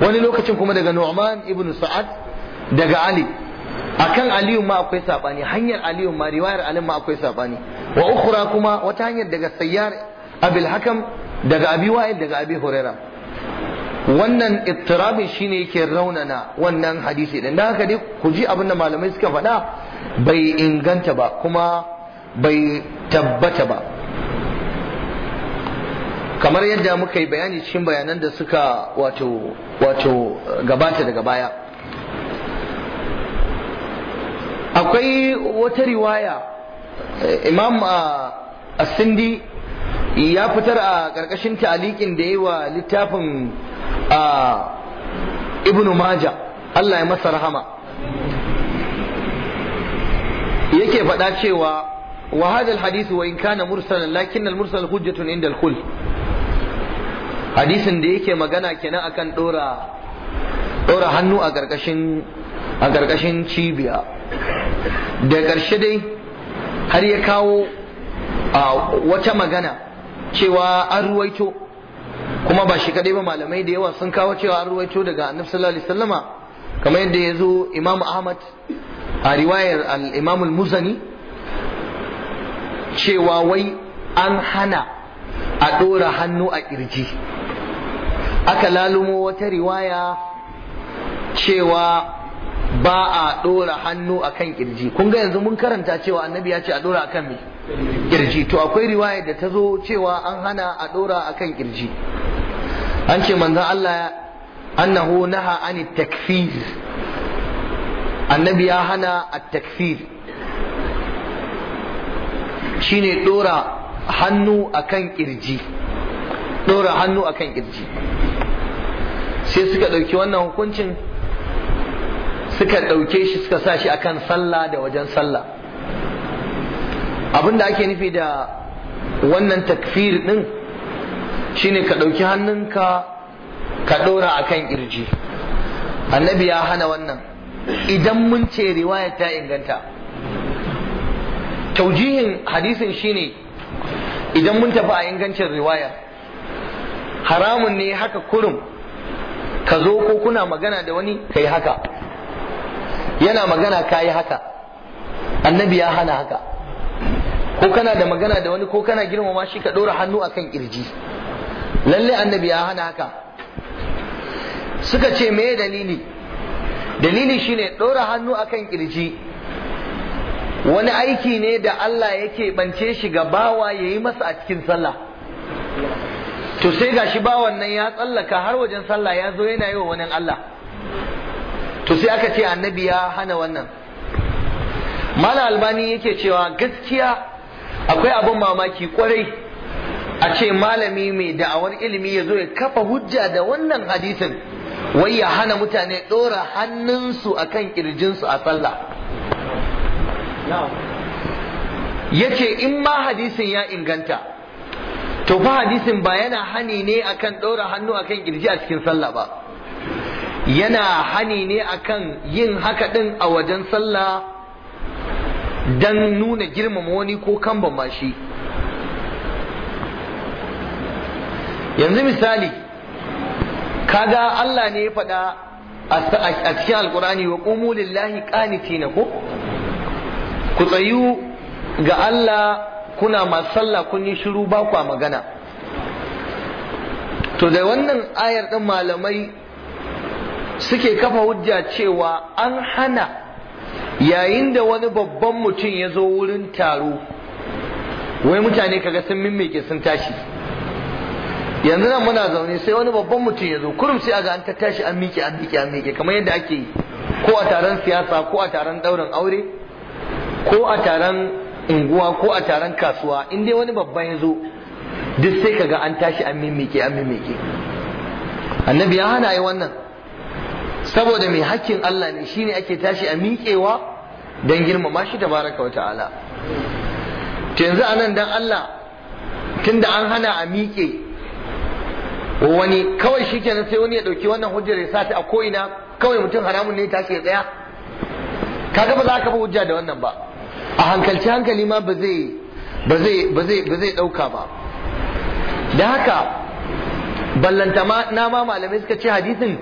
wani lokacin kuma daga nu'man ibn sa'ad daga ali akan aliyu ma akwai sabani hanyar aliyu ma riwayar alim ma akwai sabani wa ukhra kuma wata hanyar daga sayyar abul hakam daga abi wa'il daga abi huraira wannan ittirabi shine yake raunana wannan hadisi din haka dai ku ji abin da malamai suka faɗa bai inganta ba kuma bai tabbata ba kamar yadda muka yi bayani cikin bayanan da suka wato gabata daga baya akwai wata riwaya imam a asindi ya fitar a ƙarƙashin ta'aliƙin da yi wa littafin Ibn maja Allah ya masa rahama yake faɗa cewa wa hadha alhadith wa in kana mursalan lakin almursal hujjatun inda alkul hadisin da yake magana kenan akan dora dora hannu a ƙarƙashin a ƙarƙashin cibiya da ƙarshe dai har ya kawo a wata magana cewa an ruwaito kuma ba shi kaɗai ba malamai da yawa sun kawo cewa an ruwaito daga annabi sallallahu alaihi wasallama kamar yadda ya zo imamu ahmad a riwayar al-imam muzani cewa wai an hana a ɗora hannu a ƙirji aka lalumo wata riwaya cewa ba a dora hannu akan kirji kun ga yanzu mun karanta cewa annabi ya ce a dora akan me kirji to akwai riwaya da ta zo cewa an hana a dora akan kirji an ce manzon Allah annahu naha ani takfir annabi ya hana at takfir shine dora hannu akan kirji dora hannu akan kirji sai suka ɗauki wannan hukuncin suka ɗauke shi suka sa shi akan sallah da wajen sallah abin da ake nufi da wannan takfir ɗin shine ka ɗauki hannunka ka ɗora akan ƙirji annabi ya hana wannan idan mun ce riwaya ta inganta taujihin hadisin shine idan mun tafi a ingancin riwaya haramun ne haka kurum ka zo ko kuna magana da wani kai haka yana magana kayi haka annabi ya hana haka ko kana da magana da wani ko kana girmama shi ka ɗora hannu akan kirji lalle annabi ya hana haka suka ce me dalili dalili shine ɗora hannu akan kirji wani aiki ne da Allah yake bance shi ga bawa yayi masa a cikin sallah to sai gashi bawan nan ya tsallaka har wajen sallah ya zo yana yi wa wani Allah to sai aka ce annabi ya hana wannan mala albani yake cewa gaskiya akwai abin mamaki kwarai a ce malami mai da'awar ilimi ya zo ya kafa hujja da wannan hadisin wai ya hana mutane ɗora hannunsu a kan ƙirjinsu a sallah ya ce in ma hadisin ya inganta to fa hadisin ba yana hani ne akan ɗora hannu akan kirji a cikin sallah ba yana hani ne akan yin haka din a wajen sallah dan nuna girmama wani ko kan ba shi yanzu misali kaga Allah ne ya faɗa a cikin alkurani wa ƙumu lillahi ƙanitina ko ku tsayu ga Allah kuna masu sallah kun yi shiru ba kwa magana to da wannan ayar ɗin malamai suke kafa hujja cewa an hana yayin da wani babban mutum ya zo wurin taro wai mutane kaga sun mimmike sun tashi yanzu nan muna zaune sai wani babban mutum ya zo kurum sai aga an ta tashi an miƙe an miƙe an miƙe kamar yadda ake yi ko a taron siyasa ko a taron ɗaurin aure ko a taron unguwa ko a taron kasuwa in dai wani babban ya zo duk sai kaga an tashi an mimmike an mimmike annabi ya hana yi wannan saboda mai hakkin Allah ne shine ake tashi a miƙewa don girmama shi tabaraka wa ta'ala yanzu a nan don Allah tunda an hana a miƙe wani kawai shi kenan sai wani ya ɗauki wannan hujjar ya sa ta a ko'ina kawai mutum haramun ne ya tashi ya tsaya kaga ba za ka bi hujja da wannan ba a hankalci hankali ma ba zai ba ɗauka ba da haka ballanta ma na ma malamai suka ce hadisin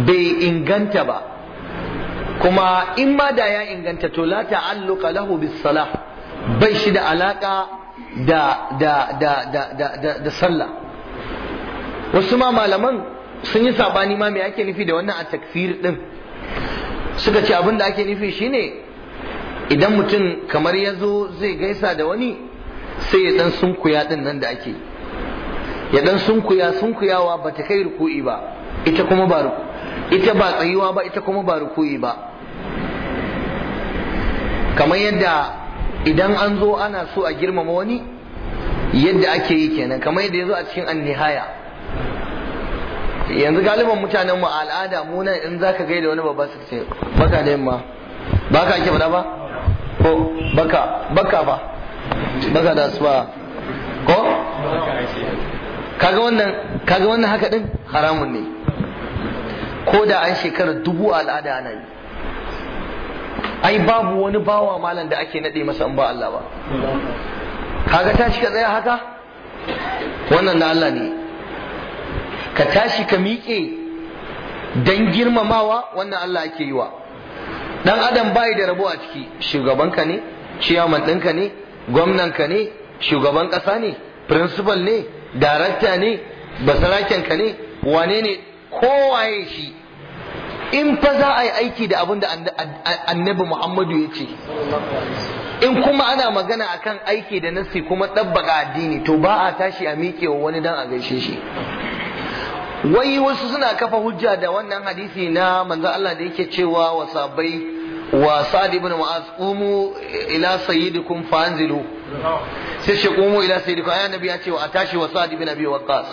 bai inganta ba kuma in ma da ya inganta to la ta'alluqa lahu bis salah bai shi da alaka da da da da da sallah wasu ma malaman sun yi sabani ma me ake nufi da wannan a takfir din suka ce abin da ake nufi shine idan mutum kamar ya zo zai gaisa da wani sai ya dan sunkuya din nan da ake ya dan sunkuya sunkuyawa ba ta kai ruku'i ba ita kuma ba ruku'i ita ba tsayuwa ba ita kuma ba rukuyi ba kamar yadda idan an zo ana so a girmama wani yadda ake yi kenan kamar yadda ya zo a cikin annihaya yanzu galiban mutanen mu al'ada mu nan in ka gaida wani babba su ce baka da yamma baka ake faɗa ba ko baka baka ba baka da suwa ko kaga wannan kaga wannan haka din haramun ne ko da an shekarar dubu al'ada ana yi ai babu wani bawa malam da ake naɗe masa in ba Allah ba kaga tashi ka tsaya haka wannan na Allah ne ka tashi ka miƙe dan girmamawa wannan Allah ake yi wa dan adam bai da rabo a ciki shugabanka ne ciyaman ɗinka ne gwamnanka ne shugaban ƙasa ne principal ne darakta ne basarakenka ne wane ne kowaye shi in fa za a yi aiki da abin da annabi Muhammadu ya ce in kuma ana magana akan aiki da nasi kuma ɗabbaka addini to ba a tashi a miƙewa wani dan a gaishe shi wai wasu suna kafa hujja da wannan hadisi na manzo Allah da yake cewa wa sabai wa sa'id ibn mu'az umu ila sayyidikum fanzilu sai shi umu ila sayyidikum ayi annabi ya ce wa tashi wa sa'd ibn abi waqqas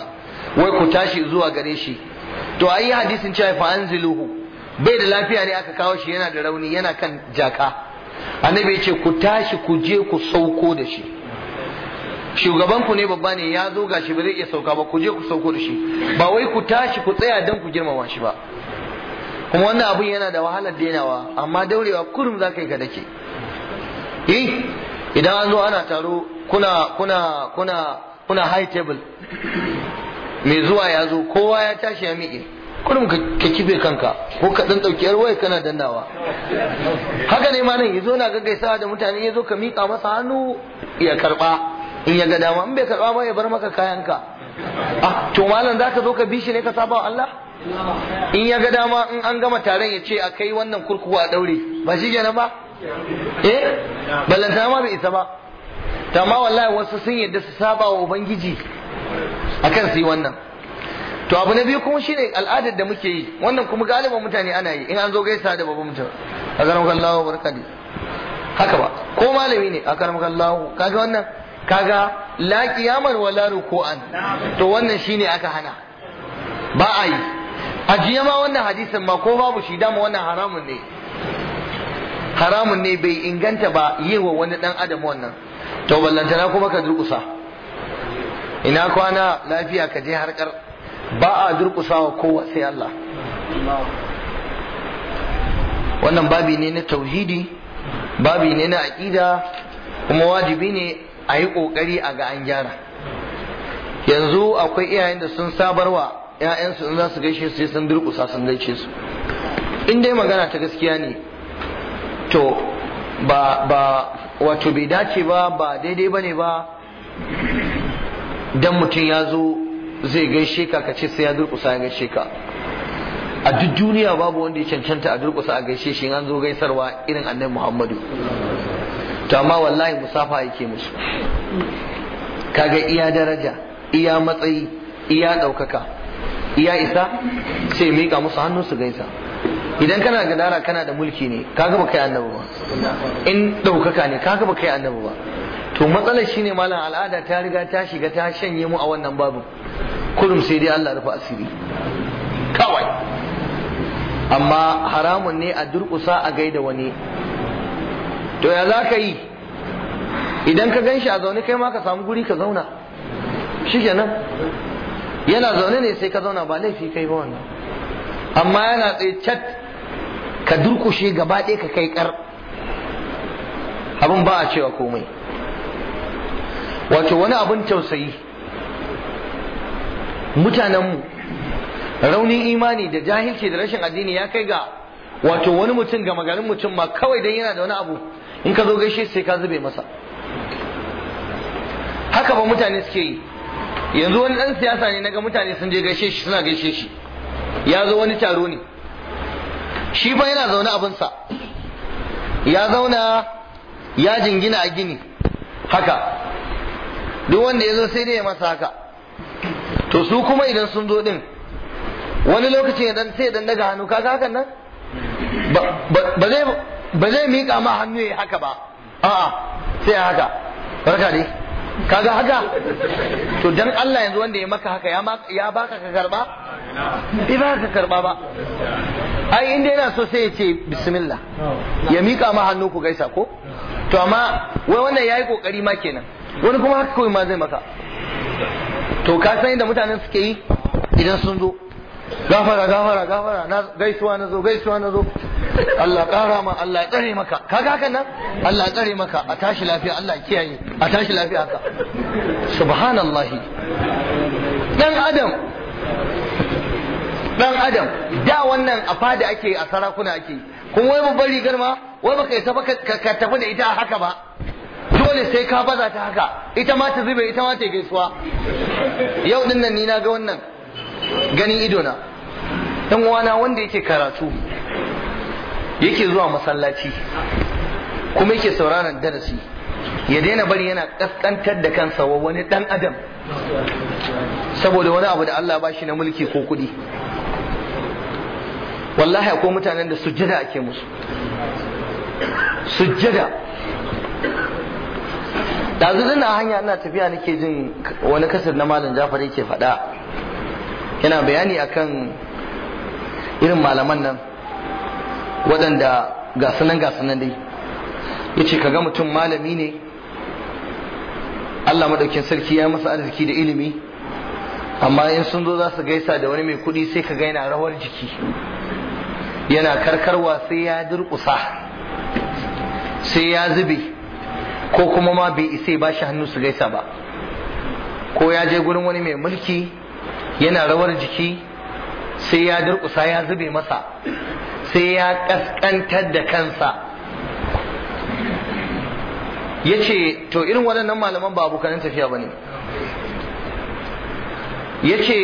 wai ku tashi zuwa gare shi to ayi hadisin cewa fa anziluhu bai da lafiya ne aka kawo shi yana da rauni yana kan jaka annabi ya ce ku tashi ku je ku sauko da shi shugaban ku ne babba ne ya zo gashi ba zai iya sauka ba ku je ku sauko da shi ba wai ku tashi ku tsaya dan ku girmama shi ba kuma wannan abun yana da wahalar dainawa amma daurewa kurum za ka dake eh idan an zo ana taro kuna kuna kuna kuna high table mai zuwa ya zo kowa ya tashi ya miƙe kudin ka kife kanka ko ka dan ɗauki yar waya kana dannawa haka ne ma nan zo na gaggaisawa da mutane zo ka miƙa masa hannu ya karɓa in ya ga dama in bai karɓa ba ya bar maka kayanka a ah, to malam ka zo ka bishi ne ka saba wa Allah in ya ga dama in an gama taron ya ce a kai wannan kurkuku a daure ba shi kenan ba eh ballantana ma bai isa ba ma wallahi wasu sun yadda su saba wa ubangiji akan su yi wannan to abu na biyu kuma shine al'adar da muke yi wannan kuma galiban mutane ana yi in an zo gaisa da babban mutum a karam kallahu barkadi haka ba ko malami ne a karam kallahu kaga wannan kaga la qiyamar wala ruku'an to wannan shine aka hana ba a yi jiya ma wannan hadisin ma ko babu shi dama wannan haramun ne haramun ne bai inganta ba yi wa wani dan adam wannan to ballantana kuma ka durkusa ina kwana lafiya ka je harkar ba a durkusawa kowa sai Allah wannan babi ne na tauhidi babi ne na aƙida kuma wajibi ne a yi ƙoƙari a ga an gyara yanzu akwai iyayen da sun sabarwa ‘ya'yansu in za su gaishe su sun durkusa sun gaishe su in dai magana ta gaskiya ne to ba wato bai dace ba ba daidai ba ne ba dan mutum ya zo zai gaishe ka kace sai ya durƙusa ya gaishe ka a duk duniya babu wanda ya cancanta a durƙusa a gaishe shi an zo gaisarwa irin annabi Muhammadu to amma wallahi musafa yake musu kaga iya daraja iya matsayi iya ɗaukaka iya isa sai miƙa musu hannu su gaisa idan kana gadara kana da mulki ne kaga ba kai annabi ba in ɗaukaka ne kaga ba kai annabi ba to matsalar shine malam al'ada ta riga ta shiga ta shanye mu a wannan babu kurum sai dai Allah rufa asiri kawai amma haramun ne a durƙusa a gaida wani to ya za ka yi idan ka gan shi a zaune kai ma ka samu guri ka zauna Shi nan. yana zaune ne sai ka zauna ba laifi kai ba wannan amma yana tsaye cat ka durkushe gaba ɗaya ka kai kar abin ba a cewa komai wato wani abin tausayi mutanenmu raunin imani da jahilci da rashin addini ya kai ga wato wani mutum gama garin mutum ma kawai dan yana da wani abu in ka zo gaishe sai ka zube masa haka ba mutane suke yi yanzu wani dan siyasa ne naga mutane sun je gaishe shi suna gaishe shi ya zo wani taro ne shi ba yana zaune abinsa ya zauna ya jingina a gini haka duk wanda ya zo sai dai ya masa haka to su kuma idan sun zo din wani lokacin idan sai dan daga hannu kaga hakan nan ba zai ba zai miƙa ma hannu ya haka ba a'a sai ya haka barka dai kaga haka to dan Allah yanzu wanda ya maka haka ya baka ka karba bai baka karba ba ai inda yana so sai ya ce bismillah oh. ya miƙa ma hannu ku gaisa ko to amma wai wannan yayi kokari ma kenan wani kuma haka kawai ma zai maka to ka san inda mutanen suke yi idan sun zo gafara gafara gafara na gaisuwa na zo gaisuwa na zo Allah kara ma Allah ya tsare maka Ka ga hakan nan Allah ya tsare maka a tashi lafiya Allah ya kiyaye a tashi lafiya haka subhanallahi dan adam dan adam da wannan a fadi ake a sarakuna ake kuma wai babbar rigar ma wai baka isa ba ka tafi da ita haka ba dole sai ka baza ta haka ita ma ta zube ita ma ta gaisuwa yau din nan ni na ga wannan ganin ido na dan uwana wanda yake karatu yake zuwa masallaci kuma yake sauraron darasi ya daina bari yana kaskantar da kansa wa wani dan adam saboda wani abu da Allah ba shi na mulki ko kudi. wallahi akwai mutanen da sujjada ake musu sujjada ɗazu a hanya ina tafiya nake jin wani kasar na malam Jafari ke faɗa yana bayani akan irin malaman nan waɗanda gasunan gasunan dai ya ce kaga mutum malami ne Allah maɗaukin sarki ya masa arziki da ilimi amma in sun zo za su gaisa da wani mai kuɗi sai ka gaina rawar jiki yana karkarwa sai ya durƙusa sai ya zube ko kuma ma bai isa ba shi hannu su gaisa ba ko ya je gurin wani mai mulki yana rawar jiki sai ya durkusa ya zube masa sai ya kaskantar da kansa ya ce to irin waɗannan malaman ba abokanin tafiya ba ne ya ce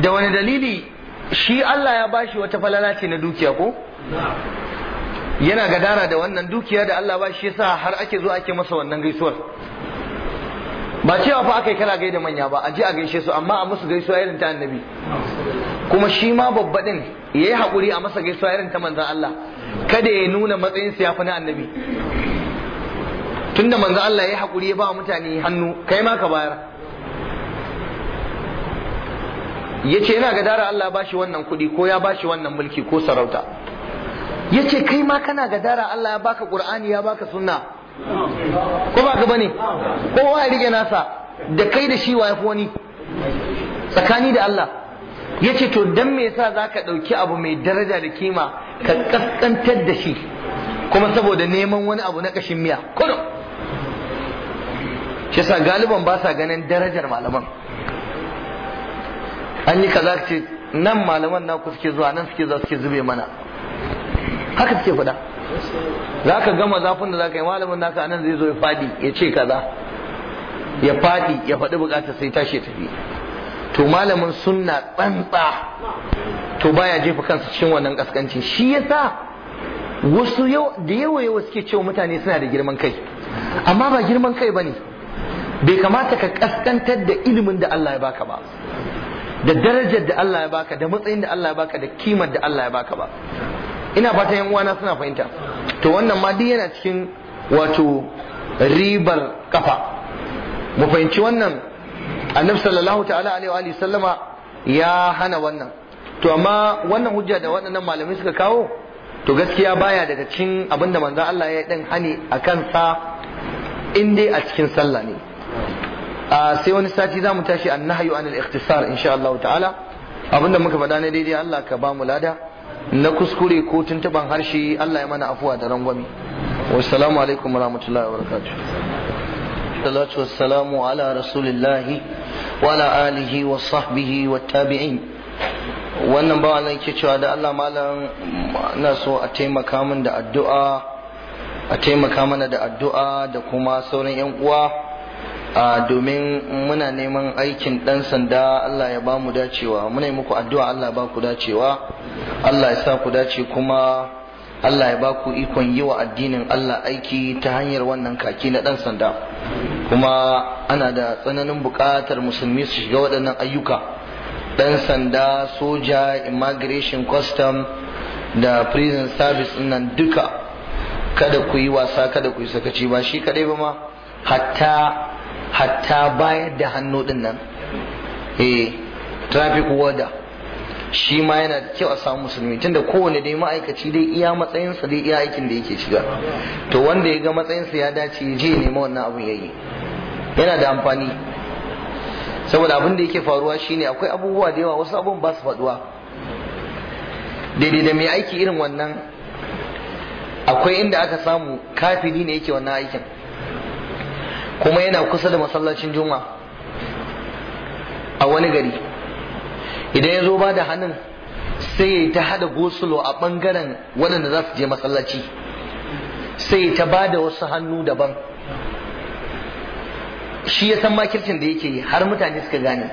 da wani dalili shi Allah ya bashi wata falala ce na dukiya ko yana gadara da wannan dukiya da Allah ba shi yasa har ake zuwa ake masa wannan gaisuwar ba cewa fa aka yi kana gaida manya ba a ji a gaishe su amma a musu gaisuwa irin ta annabi kuma shi ma babba din ya yi haƙuri a masa gaisuwa irin ta manzan Allah kada ya nuna matsayin ya fi na annabi tunda manzan Allah ya yi haƙuri ya ba mutane hannu kai ma ka bayar ya ce yana gadara Allah ba shi wannan kuɗi ko ya ba shi wannan mulki ko sarauta yace kai ma kana gadara Allah ya baka Qur'ani ya baka sunna ko ba ka bane kowa ya rike nasa da kai da shi wa yafi wani tsakani da Allah yace to dan me yasa zaka ɗauki abu mai daraja da kima ka kaskantar da shi kuma saboda neman wani abu na kashin miya kudu shi sa galiban ba sa ganin darajar malaman an yi kaza ce nan malaman na suke zuwa nan suke zuwa suke zube mana haka suke faɗa za ka gama zafin da za ka yi malamin naka anan zai zo ya faɗi ya ce kaza ya faɗi ya faɗi bukatar sai tashi ya tafi to malamin sunna tsantsa to baya jefa kansa cikin wannan kaskanci shi yasa wasu da yawa yawa suke cewa mutane suna da girman kai amma ba girman kai bane bai kamata ka kaskantar da ilimin da Allah ya baka ba da darajar da Allah ya baka da matsayin da Allah ya baka da kimar da Allah ya baka ba ina fata yan uwana suna fahimta to wannan ma duk yana cikin wato ribar kafa mu fahimci wannan annabi sallallahu ta'ala alaihi wa sallama ya hana wannan to amma wannan hujja da waɗannan malamai suka kawo to gaskiya baya daga cikin abinda manzon Allah ya dan hani a kansa in dai a cikin sallah ne sai wani sati za mu tashi annahyu anil ikhtisar insha Allah ta'ala abinda muka faɗa ne daidai Allah ka ba mu lada na kuskure ko tuntuban harshe Allah ya mana afuwa da rangwami wassalamu alaikum warahmatullahi wabarakatuh salatu wassalamu ala rasulillahi wa ala alihi wa sahbihi wa tabi'in wannan ba Allah yake cewa da Allah malam na so a taimaka min da addu'a a taimaka mana da addu'a da kuma sauran yan uwa a domin muna neman aikin dan sanda Allah ya ba mu dacewa muna yi muku addu'a Allah ba ku dacewa Allah ya sa ku dace kuma Allah ya ba ku ikon yi wa addinin Allah aiki ta hanyar wannan kaki na dan sanda kuma ana da tsananin buƙatar musulmi su shiga waɗannan ayyuka dan sanda soja immigration custom da prison service nan duka kada ku yi wasa kada ku yi sakaci ba shi kadai ba ma hatta hatta bayar da hannu din nan eh traffic warder shi ma yana da kyau a samu musulmi tunda kowane dai ma'aikaci dai iya matsayinsa dai iya aikin da yake shiga to wanda ya ga matsayinsa ya dace ya je nema wannan abun yayi yana da amfani saboda abin da yake faruwa shine akwai abubuwa da yawa wasu abun ba su faduwa daidai da mai aiki irin wannan akwai inda aka samu kafiri ne yake wannan aikin kuma yana kusa da masallacin juma'a a wani gari idan ya zo ba da hannun sai ya ta hada gosulo a bangaren waɗanda za su je masallaci sai ta ba da wasu hannu daban shi ya san makircin da yake yi har mutane suka gane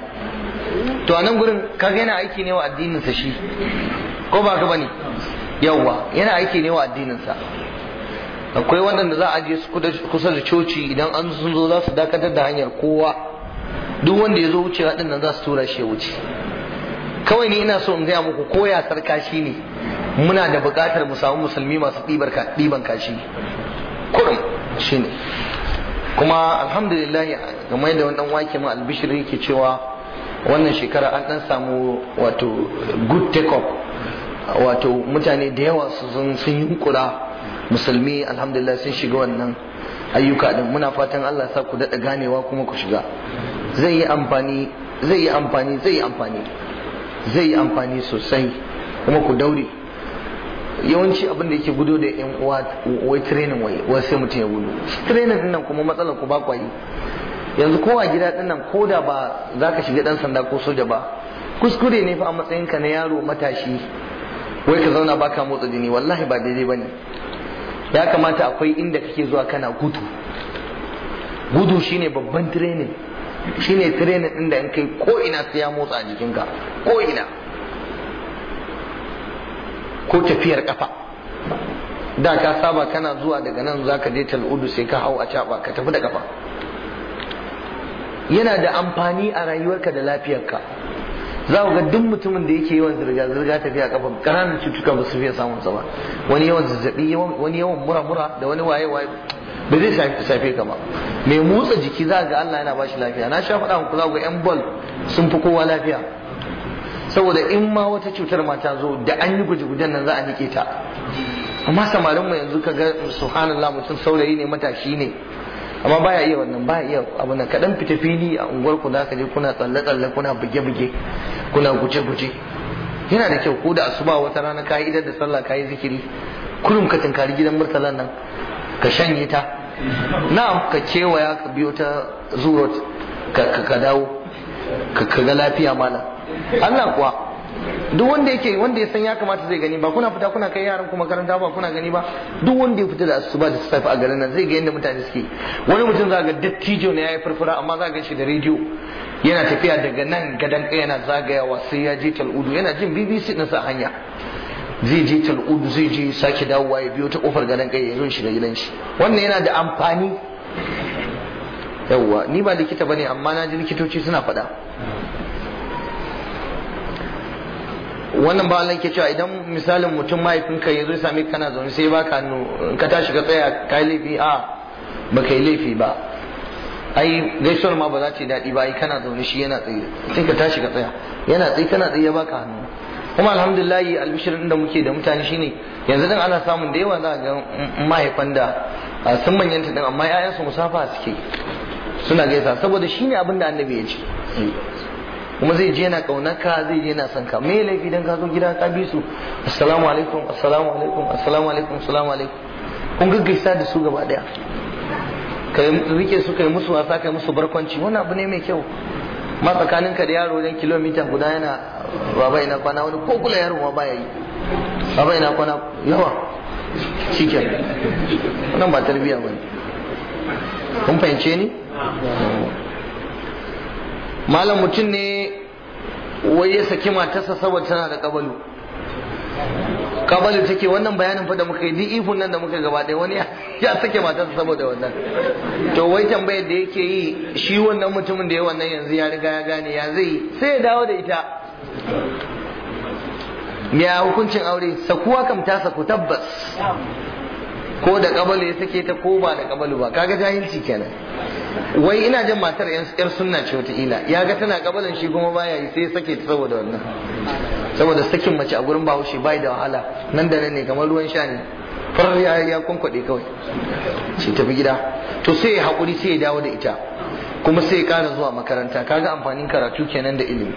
to a nan gurin kaga yana aiki ne wa addininsa shi ko ba ka bane yauwa yana aiki ne wa addininsa akwai waɗanda za a je kusa da coci idan an sun zo za su dakatar da hanyar kowa duk wanda ya zo wuce ɗin zasu za su tura shi ya wuce kawai ni ina so in gaya muku ko ya kashi ne muna da buƙatar mu samu musulmi masu ɗiban kashi kurum shi ne kuma alhamdulillah game da wannan wake ma albishir yake cewa wannan shekara an ɗan samu wato good take up wato mutane da yawa sun yi musulmi alhamdulillah sun shiga wannan ayyuka din muna fatan Allah sa ku daɗa ganewa kuma ku shiga zai yi amfani zai yi amfani zai yi amfani zai yi amfani sosai kuma ku daure yawanci abin da yake gudu da yan uwa wai training wai wai sai mutum ya gudu training din nan kuma matsalar ku ba kwayi yanzu kowa gida din nan ko da ba za ka shiga dan sanda ko soja ba kuskure ne fa a matsayinka na yaro matashi wai ka zauna baka motsa jini wallahi ba daidai ne. ya kamata akwai inda kake zuwa kana gudu gudu shine babban training shine training din da in kai ko ina sai ya motsa jikinka ko ina ko tafiyar kafa da ka saba kana zuwa daga nan zaka je tal'udu sai ka hau a caba ka tafi da kafa yana da amfani a rayuwarka da lafiyarka za ku ga duk mutumin da yake yawan zirga zirga tafiya kafa ƙananan cutuka ba su fiye samun sa ba wani yawan zazzaɓi wani yawan mura mura da wani waye waye ba zai shafe ka ba mai motsa jiki za ga Allah yana bashi lafiya na sha faɗa muku za ku ga yan bol sun fi kowa lafiya saboda in ma wata cutar ma ta zo da an yi guje nan za a nike ta amma samarin mu yanzu ka ga subhanallah mutum saurayi ne matashi ne amma baya iya wannan baya iya abu na kaɗan fita fili a unguwar ku za ka je kuna tsalle-tsalle kuna buge-buge kuna guje guje yana da kyau ko da asuba wata rana ka idar da sallah ka yi zikiri kullum ka tinkari gidan murtala nan ka shanye ta na ka kewaya ka biyo ta zuwa ka dawo ka ga lafiya mana Allah kuwa duk wanda yake wanda ya san ya kamata zai gani ba kuna fita kuna kai yaran ku makaranta ba kuna gani ba duk wanda ya fita da asuba da safe a garin nan zai ga yanda mutane suke wani mutum za ga dattijo ne yayi furfura amma za ga shi da rediyo yana tafiya daga nan gadan kai yana zagayawa sai ya je tal'udu yana jin BBC din sa hanya zai je tal'udu zai je sake dawowa ya biyo ta kofar gadan kai ya zo shi da gidan shi wannan yana da amfani yawwa ni ba likita bane amma na ji likitoci suna faɗa wannan ba Allah ke cewa idan misalin mutum mahaifinka ya zo ya same kana zaune sai baka hannu ka tashi ka tsaya ka yi laifi a ba ka yi laifi ba ai gaisuwar ma ba za ta yi daɗi ba ai kana zaune shi yana tsaye sai ka tashi ka tsaya yana tsaye kana tsaye ya baka hannu kuma alhamdulillah albishirin da muke da mutane shine yanzu din ana samun da yawa za ga mahaifan da sun manyanta din amma 'ya'yansu musafa suke suna gaisa saboda shine abin da annabi ya ce kuma zai je yana ka zai je yana son ka me laifi dan ka zo gida ka bi su assalamu alaikum assalamu alaikum assalamu alaikum assalamu alaikum kun gaggaisa da su gaba daya ka rike su kai musu wasa kai musu barkwanci wannan abu ne mai kyau ma tsakanin ka da yaro wajen kilomita guda yana baba ina kwana wani ko kula yaro ma baya yi baba ina kwana yawa shike wannan ba tarbiya bane kun fahimce ni malam mutum ne wai ya saki matarsa saboda tana da kabalu kabalu take wannan bayanin fa da muka yi ifun nan da muka gaba wani ya sake matarsa saboda wannan to wai tambayar da yake yi shi wannan mutumin da ya wannan yanzu ya riga ya gane ya zai sai ya dawo da ita ya hukuncin aure sakuwa kam ta saku tabbas ko da kabalu ya sake ta ko ba da kabalu ba kaga jahilci kenan wai ina jin matar yar sunna ce wataƙila ya ga tana gabalin shi kuma baya yi sai sake ta saboda wannan saboda sakin mace a gurin bahaushe bai da wahala nan da nan ne kamar ruwan sha ne farar ya ya kwankwaɗe kawai sai tafi gida to sai ya hakuri sai ya dawo da ita kuma sai ya ƙara zuwa makaranta kaga amfanin karatu kenan da ilimi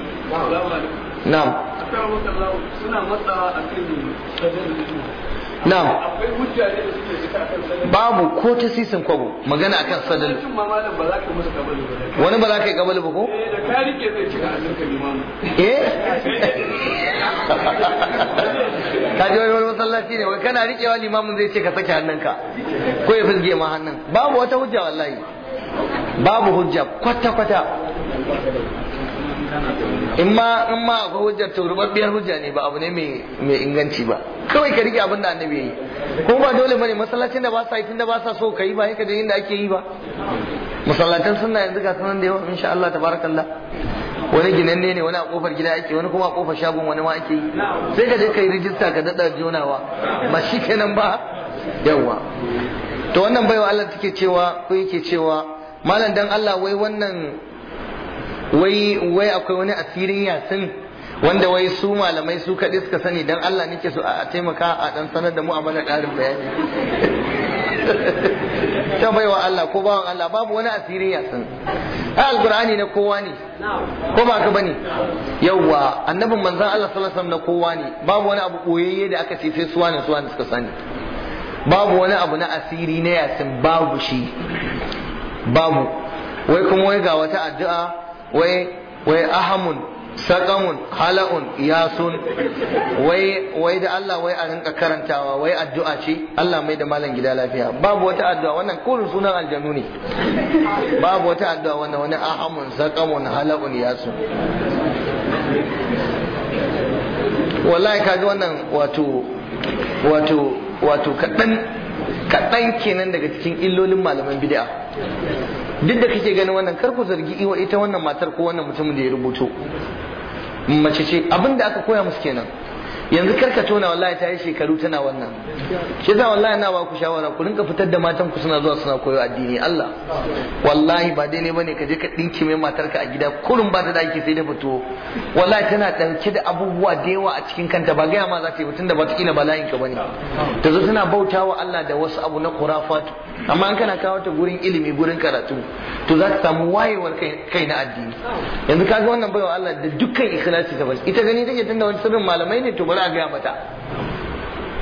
na'am na'am babu ko ta sisin kwabo magana akan sadal wani ba za ka yi kabali ba ko eh, eh? ka ji wani masallaci ne wai kana rikewa limamin zai ce ka sake hannunka ko ya fisge ma hannun babu wata hujja wallahi babu hujja kwata kwata in ma in ma akwai hujjar to rubabbiyar hujja ne ba abu ne mai inganci ba kawai ka rike abin da annabi yi ko ba dole bane masallacin da ba sa yi tunda ba sa so ka yi ba haka da je inda ake yi ba masallatan sunna yanzu ga sunan da yawa insha Allah tabarakallah wani ginanne ne wani a kofar gida ake wani kuma a kofar shagon wani ma ake yi sai ka je ka yi rijista ka dada jonawa ba shi kenan ba yawa to wannan baiwa Allah take cewa ko yake cewa malam dan Allah wai wannan wai wai akwai wani asirin yasin wanda wai su malamai su kaɗai suka sani dan Allah nake so a taimaka a dan sanar da mu a mana ƙarin bayani ta baiwa Allah ko bawan Allah babu wani asirin yasin ai alqur'ani na kowa ne ko ba ka bane yawa annabin manzon Allah sallallahu alaihi wasallam na kowa ne babu wani abu koyayye da aka ce sai su wani su wani suka sani babu wani abu na asiri na yasin babu shi babu wai kuma wai ga wata addu'a wai wai ahamun sakamun hala'un yasun wai wai da Allah wai a rinka karantawa wai addu'a ce Allah mai da malam gida lafiya babu wata addu'a wannan kullun sunan aljannu ne babu wata addu'a wannan wani ahamun sakamun hala'un yasun wallahi kaji wannan wato wato wato kaɗan kaɗan kenan daga cikin illolin malaman bid'a duk da kake ganin wannan kar ku zargi iwa ita wannan matar ko wannan mutumin da ya rubuto mace ce abin da aka koya musu kenan yanzu karka tona wallahi ta yi shekaru tana wannan shi za wallahi na ba ku shawara ku rinka fitar da matan ku suna zuwa suna koyo addini Allah wallahi ba dai ne bane ka je ka dinki mai matarka a gida kurin ba ta daki sai da fito wallahi tana dauke da abubuwa da yawa a cikin kanta ba gaya ma za ta yi da ba ta kina bala'in ka bane ta zo tana bautawa Allah da wasu abu na kurafatu amma an kana kawo ta gurin ilimi gurin karatu to za ta samu wayewar kai na addini yanzu kaga wannan baiwa Allah da dukkan ikhlasi ta bashi ita gani take tunda wani sirrin malamai ne to bari za a gaya mata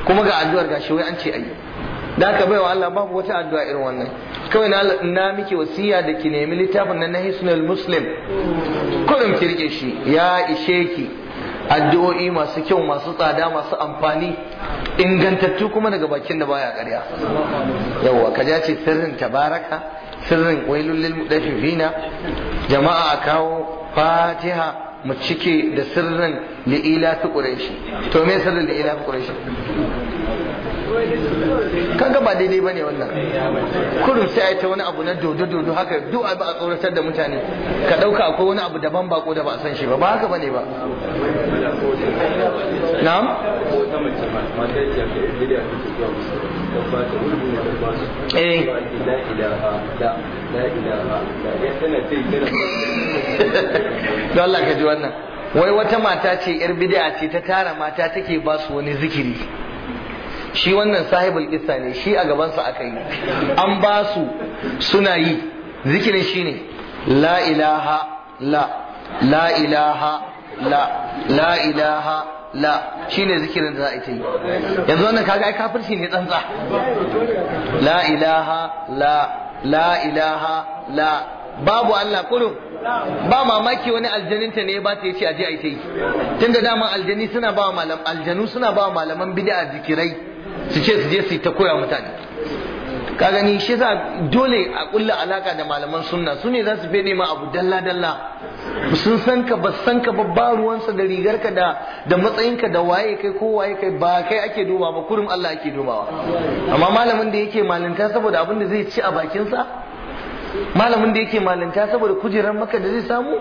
kuma ga addu'ar gashi wai an ce ayi da aka baiwa Allah babu wata addu'a irin wannan kawai na na miki wasiya da ki nemi littafin nan na Hisnul Muslim kullum ki rike shi ya ishe ki addu'o'i masu kyau masu tsada masu amfani ingantattu kuma daga bakin da baya ƙarya yawa ka ce sirrin tabaraka sirrin wailul lil mudaffifina jama'a a kawo fatiha mu cike da sirrin li'ila fi quraishi to me sirrin li'ila fi quraishi kaga ba daidai bane wannan Kudu sai ai ta wani abu na dodo dodo haka duk abu a tsoratar da mutane ka dauka akwai wani abu daban ko da ba san shi ba ba haka bane ba na'am eh don Allah ka ji wannan wai wata mata ce yar bid'a ce ta tara mata take ba su wani zikiri shi wannan sahibul kissa ne shi a gabansa aka yi an ba su suna yi zikirin shi ne la ilaha la la ilaha la la ilaha la shi ne zikirin da za a yi ta yi yanzu wannan kaga ai kafirci ne tsantsa la ilaha la la ilaha la babu Allah kullum ba mamaki wani aljaninta ne ba ta yace aje ai tai tunda dama aljani suna ba malam aljanu suna ba malaman bid'a zikirai su ce su je su ta koya mutane ka gani shi yasa dole a kulla alaka da malaman sunna su ne za su fede ma abu dalla dalla sun san ka ba san ka ba ruwansa da ka da da matsayinka da waye kai ko waye kai ba kai ake duba ba kurum Allah ake dubawa amma malamin da yake malinta saboda abin da zai ci a bakinsa malamin da yake malinta saboda kujerar maka da zai samu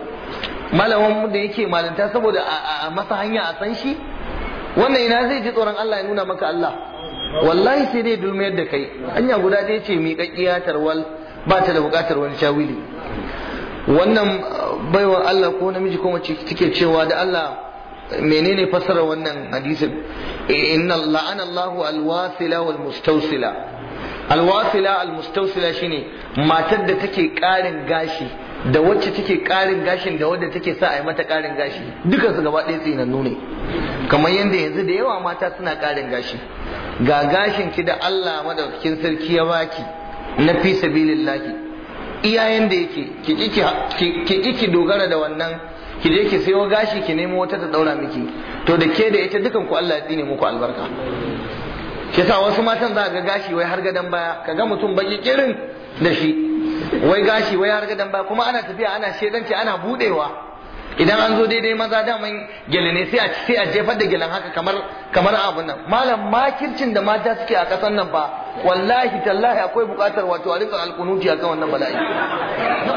malamin da yake malinta saboda a masa hanya a san shi wannan ina zai ji tsoron Allah ya nuna maka Allah wallahi sai dai dulmayar da kai hanya guda ɗaya ce miƙaƙƙiya tarwal ba ta da buƙatar wani shawili wannan uh, baiwar Allah ko namiji ko mace take cewa da Allah menene fasara wannan hadisin inna la'ana Allahu alwasila wal alwasila al shine matar da take ƙarin gashi da wacce take karin gashin da wadda take sa a yi mata ƙarin gashi duka su gaba ɗaya tsinan ne kamar yadda yanzu da yawa mata suna ƙarin gashi ga gashin ki da Allah madaukakin sarki ya baki na fi laki. iyayen da yake ki ki ki dogara da wannan ki je ki sayo gashi ki nemo wata ta daura miki to da ke da ita dukan ku Allah ya tsine muku albarka kisa wasu matan za ga gashi wai har gadan baya kaga mutum baki kirin da shi wai gashi wai har gadan ba kuma ana tafiya ana shedanci ana budewa idan an zo daidai maza mai gele ne sai a sai a jefar da gelen haka kamar kamar abun nan malam makircin da mata suke a kasan nan ba wallahi tallahi akwai bukatar wato a alqunuti a kan wannan bala'i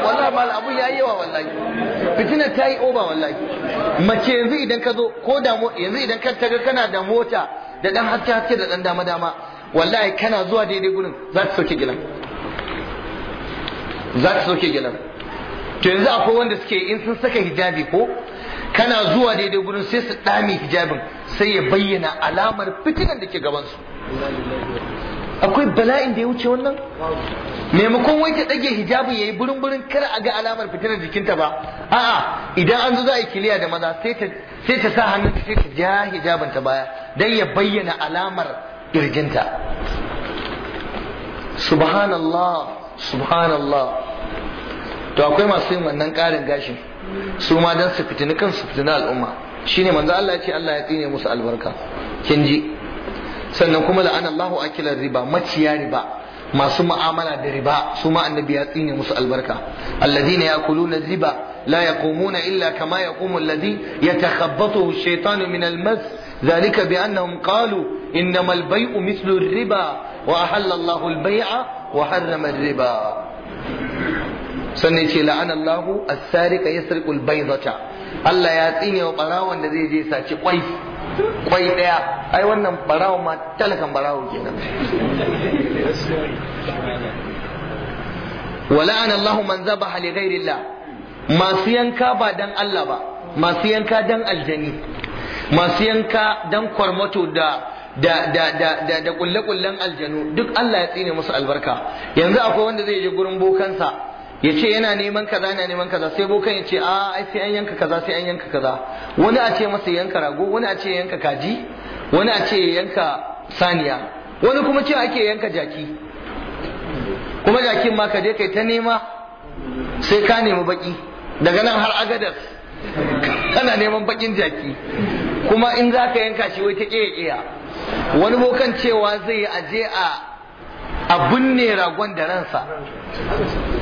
wallahi mal ya yayi yawa wallahi fitina ta yi oba wallahi mace yanzu idan ka zo ko da yanzu idan ka taga kana da mota da dan hakka hakka da dan dama dama wallahi kana zuwa daidai gurin za ta soke gilan za ka sauke gidan to yanzu akwai wanda suke in sun saka hijabi ko kana zuwa daidai gurin sai su dami hijabin sai ya bayyana alamar fitinan da ke gabansu akwai bala'in da ya wuce wannan maimakon wai ta ɗage hijabin yayi burin burin kar a ga alamar fitinar jikinta ba a'a idan an zo za a yi kiliya da maza sai ta sai ta sa hannunta sai ta ja hijabin ta baya dan ya bayyana alamar kirjinta subhanallah subhanallah to akwai masu yin wannan ƙarin gashin su ma dan su fitini kan su fitini al'umma shine manzo Allah ya ce Allah ya tsine musu albarka kin ji sannan kuma la'ana Allahu akilar riba maciya riba masu mu'amala da riba su ma annabi ya tsine musu albarka alladhina yakuluna riba la yaqumuna illa kama yaqumu alladhi yatakhabbathu ash-shaytanu min al-mas ذلك بأنهم قالوا إنما البيع مثل الربا وأحل الله البيع wa harrama riba sannan ce la'anallahu as-sariqa yasriqul Allah ya tsine wa barawon da zai je saci kwai kwai daya ai wannan barawan ma talakan barawo kenan ولعن manza ba ذبح لغير masu yanka ba dan Allah ba masu yanka dan aljani masu yanka dan kwarmato da da da da da kulle-kullen aljanu duk Allah ya tsine musu albarka yanzu akwai wanda zai je gurin bokansa ya ce yana neman kaza yana neman kaza sai bokan ya ce a ai sai an yanka kaza sai an yanka kaza wani a ce masa yanka rago wani a ce yanka kaji wani a ce yanka saniya wani kuma ce ake yanka jaki kuma jakin ma ka je kai ta nema sai ka nemi baki daga nan har agadar kana neman bakin jaki kuma in za ka yanka shi wai ta ƙeya wani bokan cewa zai aje a a binne ragon da ransa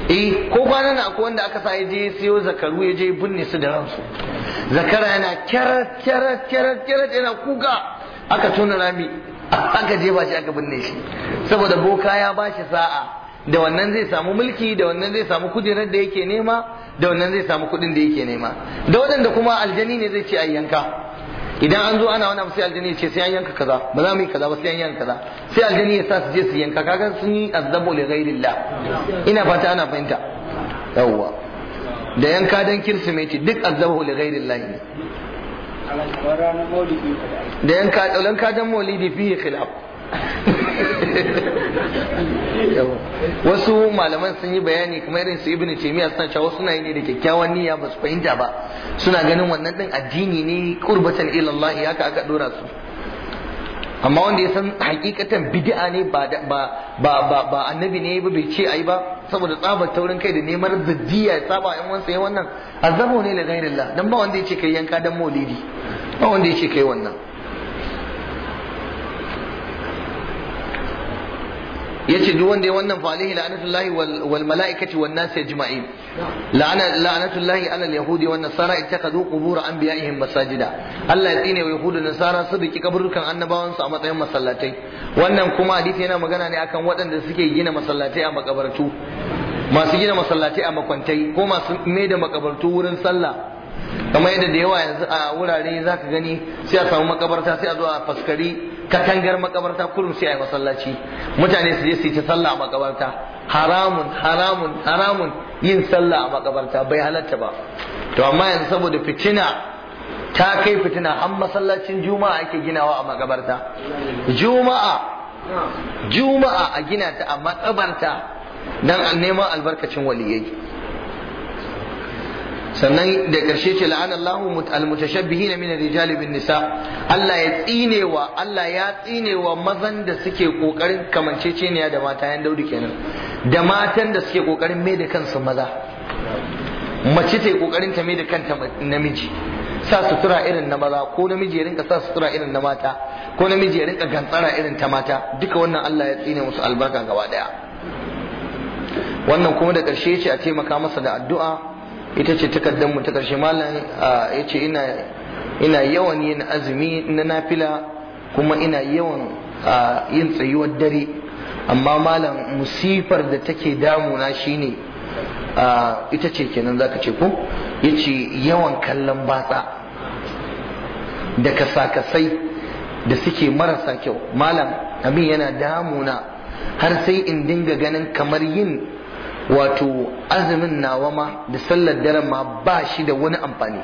eh ko kwanan akwai wanda aka sa ya je siyo zakaru ya je binne su da ransu zakara yana kyarar kyarar kyarar kyarar yana kuka aka tona rami aka je ba shi aka binne shi saboda boka ya ba shi sa'a da wannan zai samu mulki da wannan zai samu kujerar da yake nema da wannan zai samu kuɗin da yake nema da waɗanda kuma aljani ne zai ce a yanka idan an zo ana wani abu sai aljini ya ce sai an yanka kaza ba za mu yi kaza ba sai an yanka kaza sai aljini ya sa su je su yanka kaga sun yi azzabu li ghairillah ina fata ana fahimta yawwa da yanka dan kirsimeti duk azzabu li ghairillah ne da yanka dan kadan maulidi fi khilaf wasu malaman sun yi bayani kamar irin su ibnu taymiya suna cewa suna yi ne da kyakkyawan niyya ba su fahimta ba suna ganin wannan din addini ne qurbatan ilallah ya haka aka dora su amma wanda ya san hakikatan bid'a ne ba ba ba annabi ne ba bai ce ai ba saboda tsabar taurin kai da neman zaddiya ya saba yan wansa yayin wannan azabu ne la ghairillah dan ba wanda ya ce kai yanka dan maulidi ba wanda ya ce kai wannan yace duk wanda ya wannan falihi la'anatullahi wal mala'ikati wan Yahudu ajma'in la'ana la'anatullahi ala al yahudi wan nasara ittakhadhu qubur anbiya'ihim masajida Allah ya tsine wa yahudu nasara su daki kaburukan annabawan su a matsayin masallatai wannan kuma hadisi yana magana ne akan waɗanda suke gina masallatai a makabartu masu gina masallatai a makwantai ko masu mai da makabartu wurin sallah kamar yadda da yawa yanzu a wurare zaka gani sai a samu makabarta sai a zo a faskari katangar makabarta kullum sai a masallaci mutane su je su yi sallah a makabarta haramun haramun haramun yin sallah a makabarta bai halatta ba to amma yanzu saboda fitina ta kai fitina an masallacin juma'a ake ginawa a makabarta juma'a juma'a a gina ta a makabarta dan neman albarkacin waliyai sannan da ƙarshe ce la'ana Allahu almutashabbihina min ar-rijali bin nisa Allah ya tsinewa Allah ya tsinewa mazan da suke kokarin kamanceceniya da mata yan daudi kenan da matan da suke kokarin mai da kansu maza mace ta yi kokarin ta mai da kanta namiji sa sutura irin na maza ko namiji ya rinka sa sutura irin na mata ko namiji ya rinka gantsara irin ta mata duka wannan Allah ya tsine musu albarka gaba daya wannan kuma da ƙarshe ce a taimaka masa da addu'a ita ce takardar mu ta karshe malam ya ce ina yawan yin azumi na nafila kuma ina yawan yin tsayuwar dare amma malam musifar da take damuna shine ita ce kenan zaka ce ko yace yawan kallon batsa da kasakasai da suke marasa kyau malam abin yana damuna har sai in dinga ganin kamar yin wato azumin nawa ma da sallar daren ma ba shi da wani amfani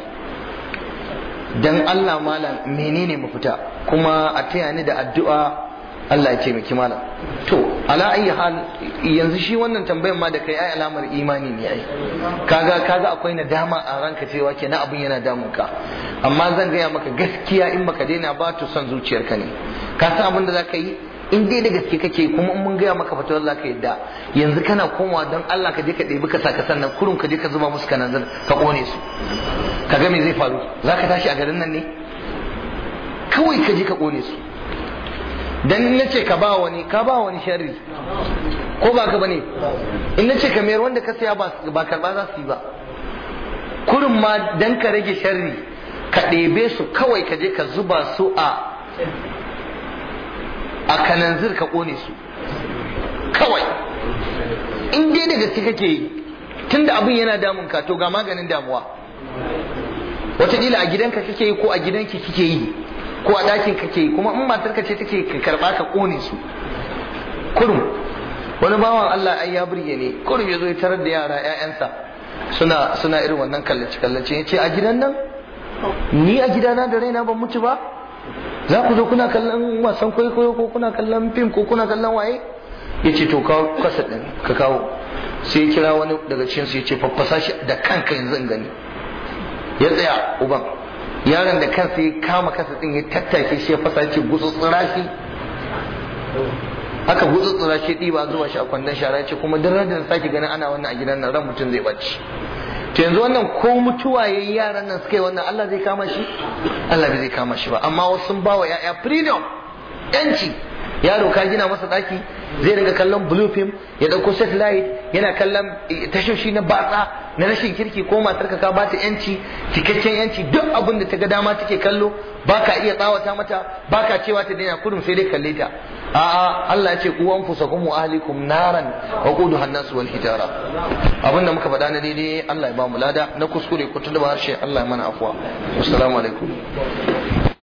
dan Allah malam menene mafita kuma a taya ni da addu'a Allah ya taimaki malam to ala ayi hal yanzu shi wannan tambayar ma da kai ai alamar imani ne ai kaga kaga akwai nadama a ranka cewa kenan abin yana damun ka amma zan gaya maka gaskiya in maka daina ba to son zuciyarka ne ka san abin da zaka yi in dai da gaske kake kuma in mun gaya maka fatawar za ka yadda yanzu kana komawa don Allah ka je ka ɗebi ka saka sannan kurun ka je ka zuba musu kanan ka kone su ka ga me zai faru za ka tashi a garin nan ne kawai ka je ka kone su dan in ce ka ba wani ka ba wani sharri ko ba ka bane in nace ce ka mayar wanda ka saya ba karba za su yi ba kurin ma dan ka rage sharri ka ɗebe su kawai ka je ka zuba su a a kananzir ka kone su kawai in dai da gaske kake yi tun da abin yana damun ka to ga maganin damuwa watakila a gidanka kake yi ko a gidanki kike yi ko a ɗakin kake yi kuma in matar ka ce take ka karɓa ka kone su kurum wani bawan Allah ai ya burge ne kurum ya zo ya tarar da yara ƴaƴansa, suna suna irin wannan kallace kallace ya ce a gidan nan ni a gidana da raina ban mutu ba za ku zo kuna kallon wasan kwaikwayo ko kuna kallon fim ko kuna kallon waye ya ce to kawo kasa ɗin ka kawo sai ya kira wani daga cikin su ya ce faffasa shi da kanka yanzu in gani ya tsaya uban yaron da kansa ya kama kasa ɗin ya tattake shi ya fasa ce gusu tsira shi haka gutsutsura shi ɗiba zuwa shi a kwandon shara ce kuma duk radin sake ganin ana wannan a gidan nan ran mutum zai bace to yanzu wannan ko mutuwa yi yaran nan suka yi wannan Allah zai kama shi Allah bai zai kama shi ba amma wasu sun bawa yaya freedom yanci yaro ka gina masa daki zai dinga kallon blue film ya dauko satellite yana kallon eh, tashoshi na batsa na rashin kirki ko matar ka ba ta yanci cikakken yanci duk abin da ta ga dama take kallo baka iya tsawata mata baka cewa ta daina kurum sai dai kalle ta a'a Allah ya ce ku anfusakum wa ahlikum naran wa quduha an-nas wal hijara abin da muka faɗa na daidai Allah ya ba mu lada na kuskure ku tuntuba harshe Allah ya mana afwa assalamu alaikum